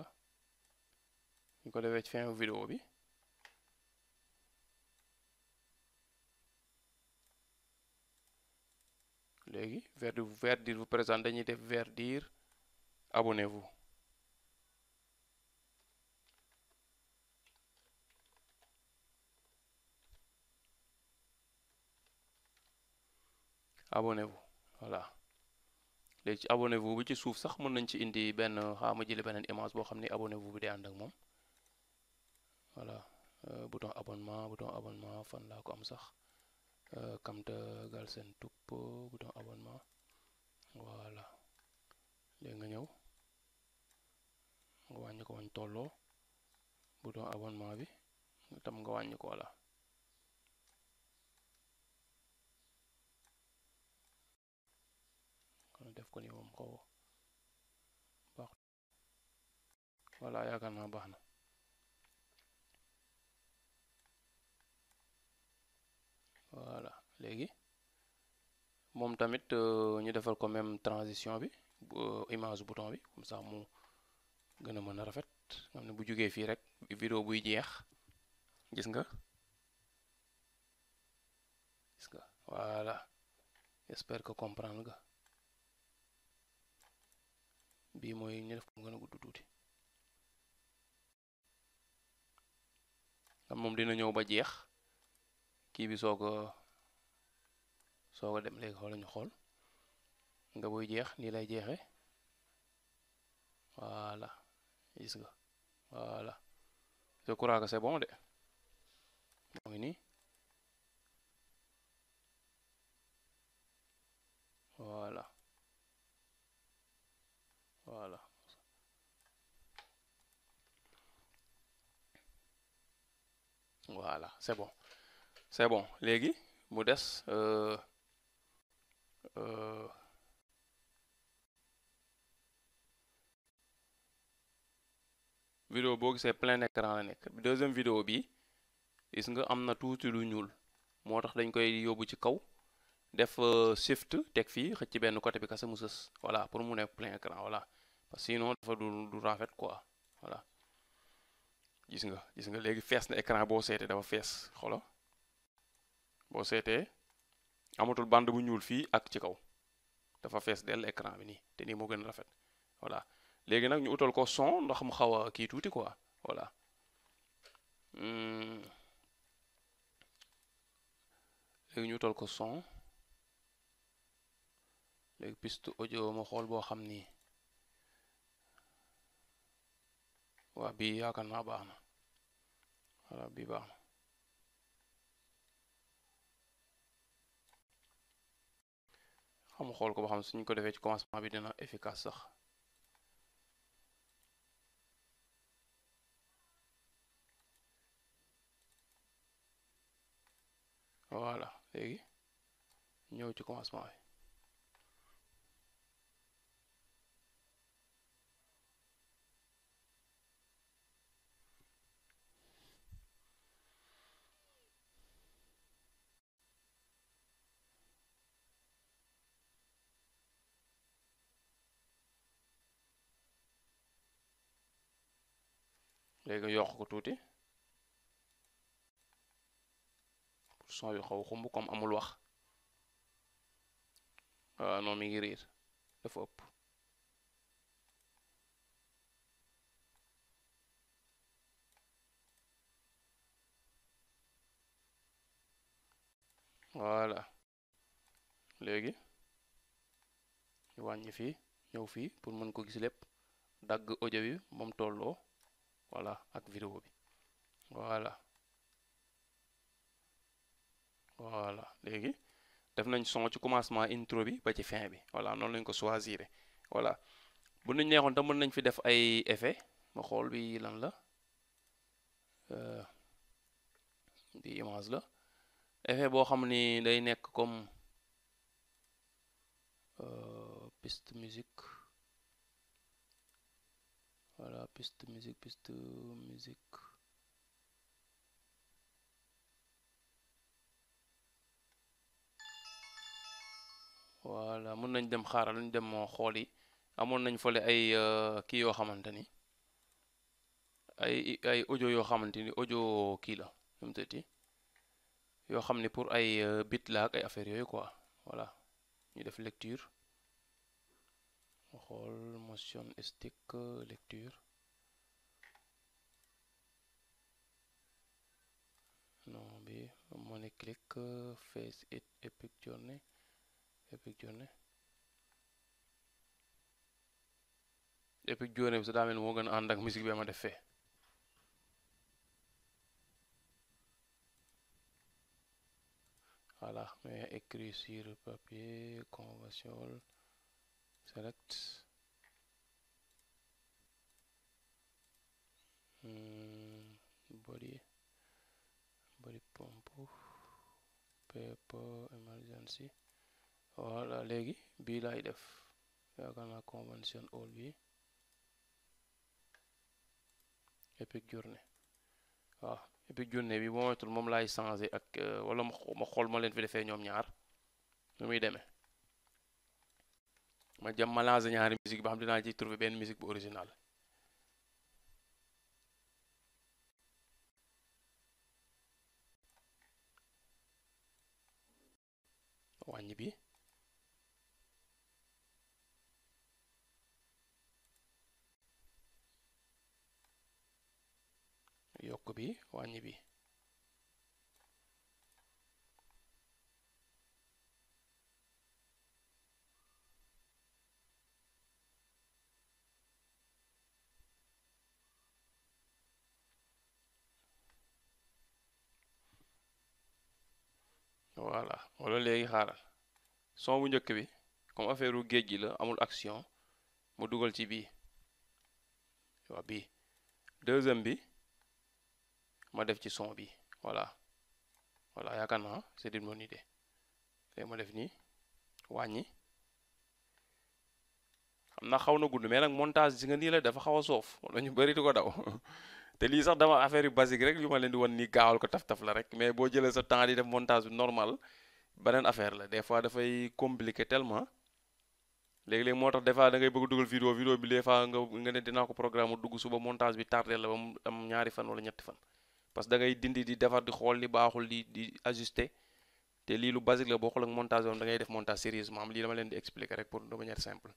Speaker 1: ñu ko defee ci fin wu vidéo bi léegi verdir vous verdir vous présente dañuy def verdir abonnez-vous abonnez-vous voilà léegi ci abonnez-vous bi ci suuf sax mën nañ ci indi benn xaama ah, jële beneen image boo xam ne abonnez-vous bi day ànd ak moom voilà euh, bouton abonnement bouton abonnement fan laa ko am sax euh, Kamta seen Tube bouton abonnement voilà léegi nga ñëw nga wàññi ko tolloo bouton abonnement bi tam nga wàññi ko def ko ni moom xaw baax voilà yaakaar naa baax na voilà léegi moom tamit euh, ñu defal ko même transition bi euh, image bouton bi comme ça mu gën a mën a rafet nga xam bu jógee fii rek vidéo buy jeex gis nga gis nga voilà j'espère que comprendre nga bii mooy ñu def ko mu gën gudd tuuti am moom dina ñëw ba jeex kii bi soo ko soo ko dem léegi xool ñu xool nga buy jeex nii lay jeexe voilà gis nga voilà je crois que c'est bon de moo ngi nii voilà Voilà. voilà c'est bon c'est bon léegi mu des euh, euh, vidéo boo gisee plein écran la nekk deuxième video bi gis nga am na tuuti lu ñuul moo tax dañ koy yóbbu ci kaw def euh, shift teg fii xëcc benn côté bi kase mu sës voilà pour mu nekk plein écran voilà parce que dafa du du rafet quoi voilà gis nga gis nga léegi fees na écran boo seetee dafa fees xolo boo seetee amatul bande bu ñuul fii ak ci kaw dafa fees dell écran bi nii te nii moo gën a rafet voilà léegi nag ñu utal ko son ndax mu xaw a kii tuuti quoi voilà hmm. léegi ñu utal ko son léegi piste audio ma xool boo xam nii waa bii yaakaar naa baax na voilà bii baax na xam xool ko ba xam suñ ko defee ci commencement bi dina efficace sax voilà léegi ñëw ci commencement bi léegi nga ko tuuti pour son bi xumb comme amul wax waaw non mi ngi riir dafa ëpp voilà léegi ñu wàññi fii ñëw fii pour mën ko gis lépp dagg ojo bi moom tolloo voilà ak vidéo bi voilà voilà léegi def nañ son ci commencement intro bi ba ci fin bi voilà noonu lañ ko choisir voilà bu ñu neexoon tam mën nañ fi def ay effet ma xool bi lan la bi euh, image la effet boo xam ni day nekk comme euh, piste musique Voilà, piste musique, piste musique. voilà mën nañ dem xaaral ñu dem xool yi amoon nañ fole ay euh, kii yoo xamante ni ay ay yoo xamante ni audio kii la yoo xam ne pour ay euh, bit la ay affaires yooyu quoi voilà ñu def lecture mu xool motion stick lecture non bi moo click face it epic journey epic journey epic journey moo gën a ànd ak musique bi ma def fee mais écrit sur papier convention select mm, body body pump paper emergency voilà léegi bii laay def yaakaar naa convention all bi epic journée waaw epic journée bi boo moytul moom laay changé ak euh, wala ma xool ma leen fi defee ñoom ñaar nu muy deme ma jëm mélange ñaari musique ba xam dinaa ciy trouver benn musique bu original wàññi bi yokk bi wàññi bi voilà wala léegi xaaral son bu njëkk bi comme affaire géej gi la amul action mu dugal ci bii waaw bii deuxième bi ma def ci son bi voilà voilà yaakaar naa c'est une bonne idée léegi ma def nii wàññi xam naa xaw na gudd mais nag montage si nga nii la dafa xaw a soof wala ñu bari di ko daw [LAUGHS] te lii sax dama affaire yu basique rek yu ma leen di wan nii gaawal ko taf-taf la rek mais boo jëlee sa temps di def montage bi affaire la des fois dafay compliqué tellement moo tax des fois da bëgg dugal vidéo vidéo bi des fois nga nga ne dinaa ko programme dugg suba montage bi tardé la ba mu am ñaari fan wala ñetti fan parce que da ngay dindi di defar di xool li baaxul di di ajuster te lii lu basique la boo xool montage woon da ngay def montage sérieusement am lii dama leen di expliquer rek pour de manière simple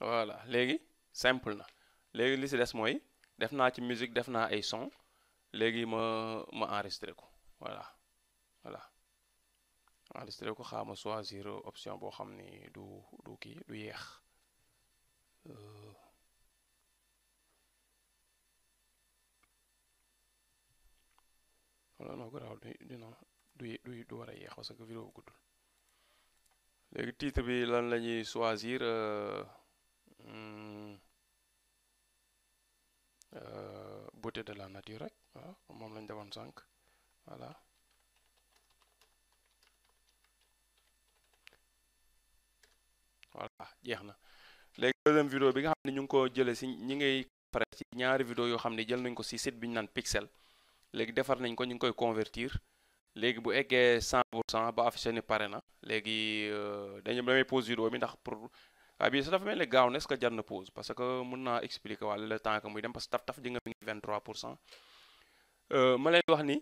Speaker 1: voilà léegi simple na léegi li si des mooy def naa ci musique def naa ay son léegi ma ma enregistré ko voilà voilà enregistré ko xaama choisir option boo xam ni du du kii du yeex noo garaaw du du du war a yeex parce que vidéo guddul léegi titre bi lan la ñuy choisir euh, Hmm. Eh, bouté de la nature rek moom lañ defoon sànq voilà jeex na léegi deuxième vidéo bi nga xam ne ñu ngi ko jële si ñi ngay pare ñaari vidéo yoo xam ne jël nañ ko si site bi ñu naan Pixel léegi defar nañ ko ñu ngi koy convertir léegi bu eggee 100 pour cent ba affiché seeni pare na léegi euh, dañu damay pause vidéo bi ndax pour waaye ah, bii sax dafa mel ni gaaw na est-ce jar na pause parce que mën naa expliquer wala le temps muy dem parce que taf taf di nga mi ngi 23 pour cent euh, ma leen wax ni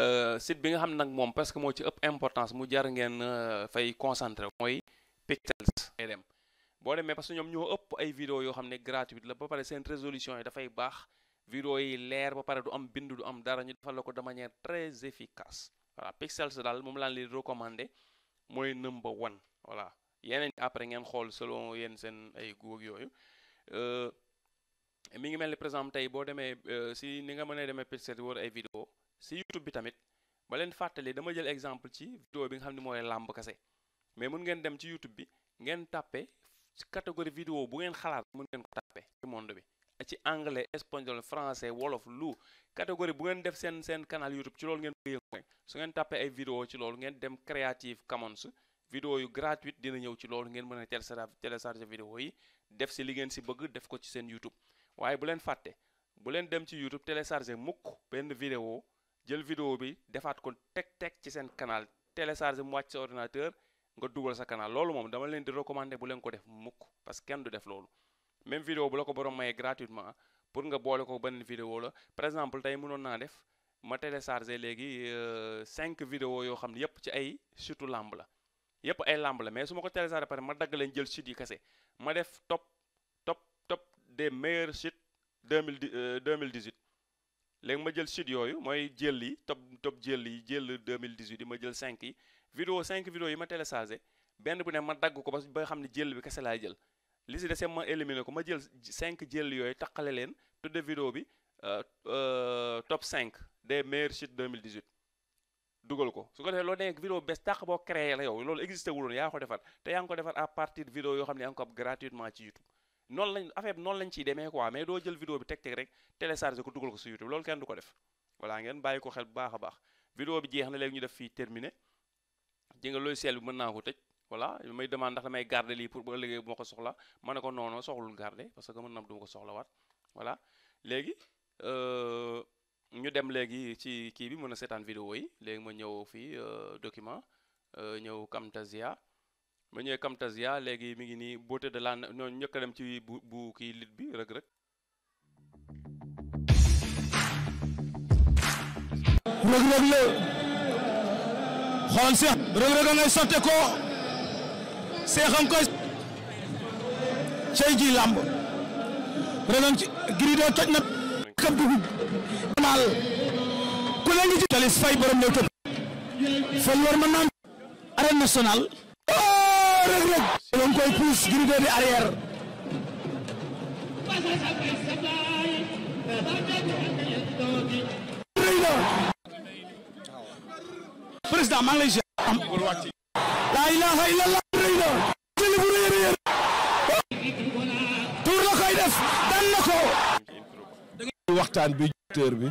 Speaker 1: euh, site bi nga xam nag moom parce que moo ci ëpp importance mu jar ngeen euh, fay concentré mooy pixels ay dem boo demee parce que ñoom ñoo ëpp ay vidéo yoo xam ne gratuite la ba pare seen résolution yi dafay baax vidéo yi leer ba pare du am bind du am dara ñu defal ko de manière très efficace voilà pixels daal moom laan li recommandé mooy number one voilà yeneen après ngeen xool selon yéen seen ay góor yooyu euh, mi ngi mel ni par exemple tey boo demee euh, si ni nga mën mënee demee pixel wër ay vidéo si YouTube bi tamit ba leen fàttali dama jël exemple ci vidéo bi nga xam ne mooy làmb kase mais mun ngeen dem ci YouTube bi ngeen tàppe ci vidéo bu ngeen xalaat mun ngeen ko tàppe ci monde bi ci anglais espagnol français wolof lu catégorie bu ngeen def seen seen canal YouTube ci loolu ngeen bëgg su ngeen tàppee ay vidéo ci loolu ngeen dem Creative Commons vidéo yu gratuite dina ñëw ci loolu ngeen mën a télécharger vidéo yi def si li ngeen si bëgg def ko ci seen YouTube waaye bu leen fàtte bu leen dem ci YouTube télécharger mukk benn vidéo jël video bi defaat ko teg teg ci seen kanaal télécharger mu wàcc sa ordinateur nga dugal sa kanaal loolu moom dama leen di recommander bu leen ko def mukk parce que kenn du def loolu même vidéo bu la ko borom mayee gratuitement pour nga boole ko benn vidéo la par exemple tey mënoon naa def ma télécharger léegi 5 euh, vidéo yoo xam ne yépp ci ay surtout làmb la yëpp ay làmb la mais su ma ko téléchargé pare ma dagg leen jël chute yi kese ma def top top top des meilleurs chutes deux mille deux mille dix euh, huit léegi ma jël chute yooyu mooy jël yi top top jël yi jël deux mille dix huit yi ma jël cinq yi. vidéo cinq vidéo yi ma téléchargé benn bu ne ma dagg ko ba nga xam ne jël bi kese laa jël li si dese ma éliminé ko ma jël cinq jël yooyu taqale leen tudde vidéo bi euh, euh, top cinq des meilleurs chutes deux mille dix huit dugal ko su ko defee loo nekk vidéo bés tàq boo créé la yow loolu existé wuloon yaa ko defar te yaa ngi ko defar à partir vidéo yoo xam ne yaa ngi ko am gratuitement ci YouTube noonu lañ affaire noonu lañ ciy demee quoi mais doo jël vidéo bi teg teg rek télécharger ko dugal ko su YouTube loolu kenn du ko def voilà ngeen bàyyi ko xel bu baax a baax vidéo bi jeex na léegi ñu def fii terminé ji nga logiciel bi mën naa ko tëj voilà may demande ndax may garder lii pour bu ëllëgee bu ma ko soxla ma ne ko noonu soxlul garder parce que mën na du ma ko soxlawaat voilà léegi euh, ñu dem léegi ci kii bi mën a seetaan vidéo yi léegi ma ñëw fii euh, document euh, ñëw Camtasia ma ñëwee Camtasia léegi mi ngi nii beauté de la ñoo njëkk dem ci bu bu kii lit bi Reug Reug la xoolal Cheikh koy cey ji làmb Reug Reug ci giri toj na kab dugub national ku ne ngi ci dalis fay borom ñëw tëb fay war ma naan arène national oh rek rek lon koy puus Gris 2 di arrière président maa ngi lay jël am la ilaha illallah waxtaan bi jëtër bi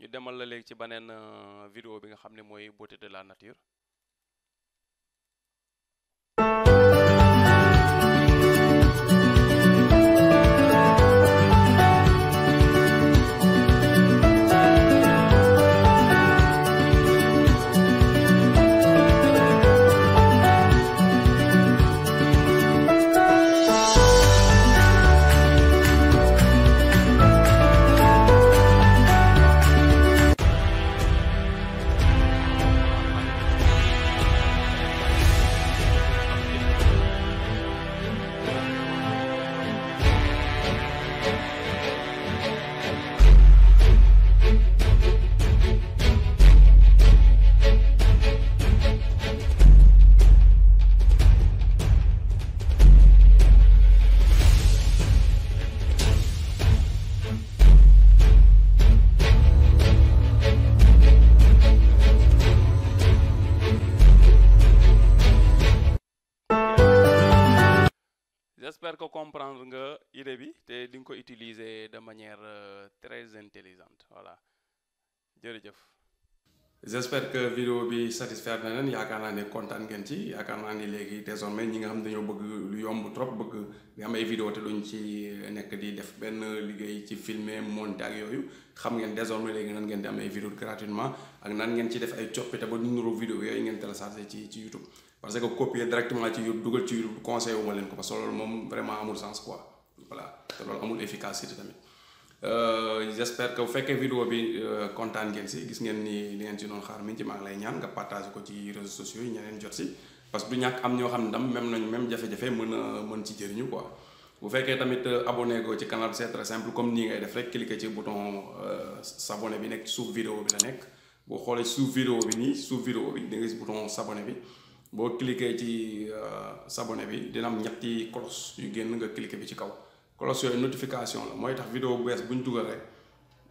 Speaker 1: ñu demal la léegi ci beneen euh, vidéo bi nga xam ne mooy beauté de la nature jërëjëf. j'espère que vidéo bi satisfaire na leen yaakaar naa ne kontaan ngeen ci yaakaar naa ne léegi désormais ñi nga xam ne dañoo bëgg lu yomb trop bëgg di am ay vidéo te duñ ci nekk di def benn liggéey ci filmer monter ak yooyu xam ngeen désormais léegi nan ngeen di am ay vidéo gratuitement ak nan ngeen ci def ay coppite ba nuru vidéo yooyu ngeen télécharger ci ci YouTube parce que copier directement ci YouTube dugal ci YouTube conseil wu ma leen ko parce moom vraiment amul sens quoi voilà te loolu amul Euh, j'espère que bu fekkee vidéo bi euh, kontaan ngeen si gis ngeen ni li ngeen si doon xaar mi ci maa ngi lay ñaan nga partage ko ci réseaux sociaux yi ñeneen jot si parce que du ñàkk am ñoo xam ne tam même nañu même jafe-jafe mën a mën ci jëriñu ko bu fekkee tamit euh, abonné ko ci canal c'est très simple comme nii ngay def rek cliquer ci bouton s'abonner bi nekk suuf vidéo bi la nekk boo xoolee suuf vidéo bi nii suuf vidéo bi da gis bouton sabone bi boo cliquer ci s'abonner bi dina ñetti cloche génn nga cliquer bi ci kaw cloche yooyu notification la mooy tax vidéo bu bees bu ñu dugal rek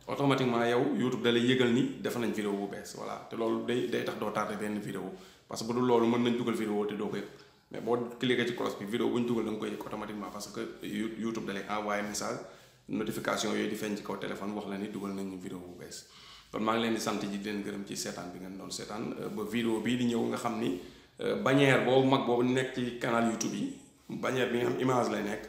Speaker 1: automatiquement yow YouTube da lay yëgal ni def nañ vidéo bu bees voilà te loolu day day tax doo tardé benn vidéo parce que bu dul loolu nañ dugal vidéo te doo ko yëg mais boo cliqué ci cloche bi vidéo bu ñu dugal da nga koy yëg automatiquement parce que YouTube da lay envoyé message notification yooyu di feeñ ci kaw téléphone wax la ni dugal nañ vidéo bu bees kon maa ngi leen di sant ji di leen gërëm ci seetaan bi ngeen doon seetaan euh, ba vidéo bii di ñëw nga xam ni euh, bannière boobu mag boobu nekk ci canal YouTube yi bannière bi nga xam image lay nekk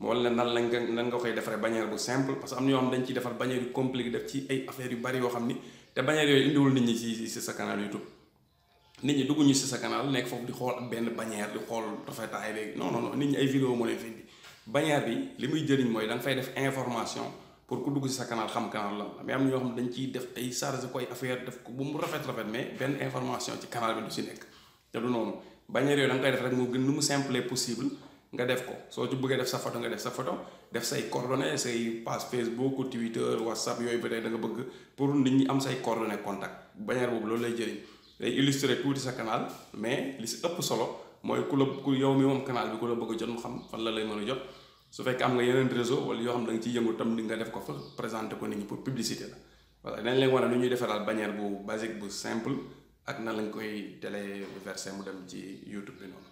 Speaker 1: moo la nan la nga nan nga koy defaree bannière bu simple parce que am na yoo xam dañ ciy defar bannière yu compliqué def ci ay affaires yu bari yoo xam ni te bannière yooyu indiwul nit ñi si si sa canal YouTube nit ñi dugg si sa canal nekk foofu di xool ak benn bannière xool rafetaay beeg non non nit ñi ay vidéo moo leen fi bi li muy jëriñ mooy da fay def information pour ku dugg si sa canal xam canal lan la mais dañ ciy def ay chargé affaire def ko bu mu rafet rafet mais benn information ci canal du si nekk te du noonu bannière yooyu da koy def rek moo gën nu mu simple possible. nga def ko soo ci bëggee def sa photo nga def sa foto def say coordonnées say page Facebook Twitter WhatsApp yooyu ba tey da nga bëgg pour nit ñi am say coordonnées contact bannière boobu loolu lay jëriñ day illustrer tuuti sa canal mais li si ëpp solo mooy ku la ku yow mi moom canal bi ku la bëgg jot mu xam fan la lay mën a jot su fekkee am nga yeneen réseau wala yoo xam da nga ciy yëngu tam ni nga def ko fa présenter ko nit ñi pour publicité la voilà dañ leen wane nu ñuy defaraal bannière bu basique bu simple ak na lañ koy téléversé mu dem ci YouTube bi noonu.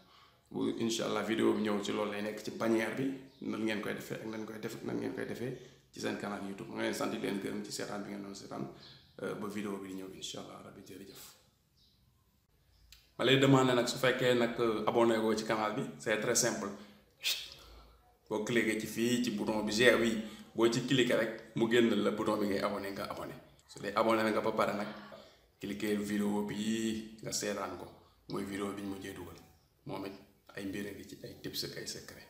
Speaker 1: bu incha allah vidéo bi ñëw ci loolu lay nekk ci bannière bi nan ngeen koy defee ak nan def nan ngeen koy defee ci seen canal YouTube ma nga leen sant di leen gërëm ci seetaan bi ngeen doon seetaan euh, ba vidéo bi ñëw incha allah rabbi jërëjëf. ma lay demandé nag su fekkee nag euh, abonné koo ci canal bi c'est très simple boo cliqué ci fii ci bouton bi gère wi boo ci cliqué rek mu génn la bouton bi ngay abonné nga abonné su dee abonné nga ba pare nag cliqué vidéo bi nga seetaan ko mooy vidéo bi ñu mujjee dugal moom ay mbir a ngi ci ay tips ak ay secret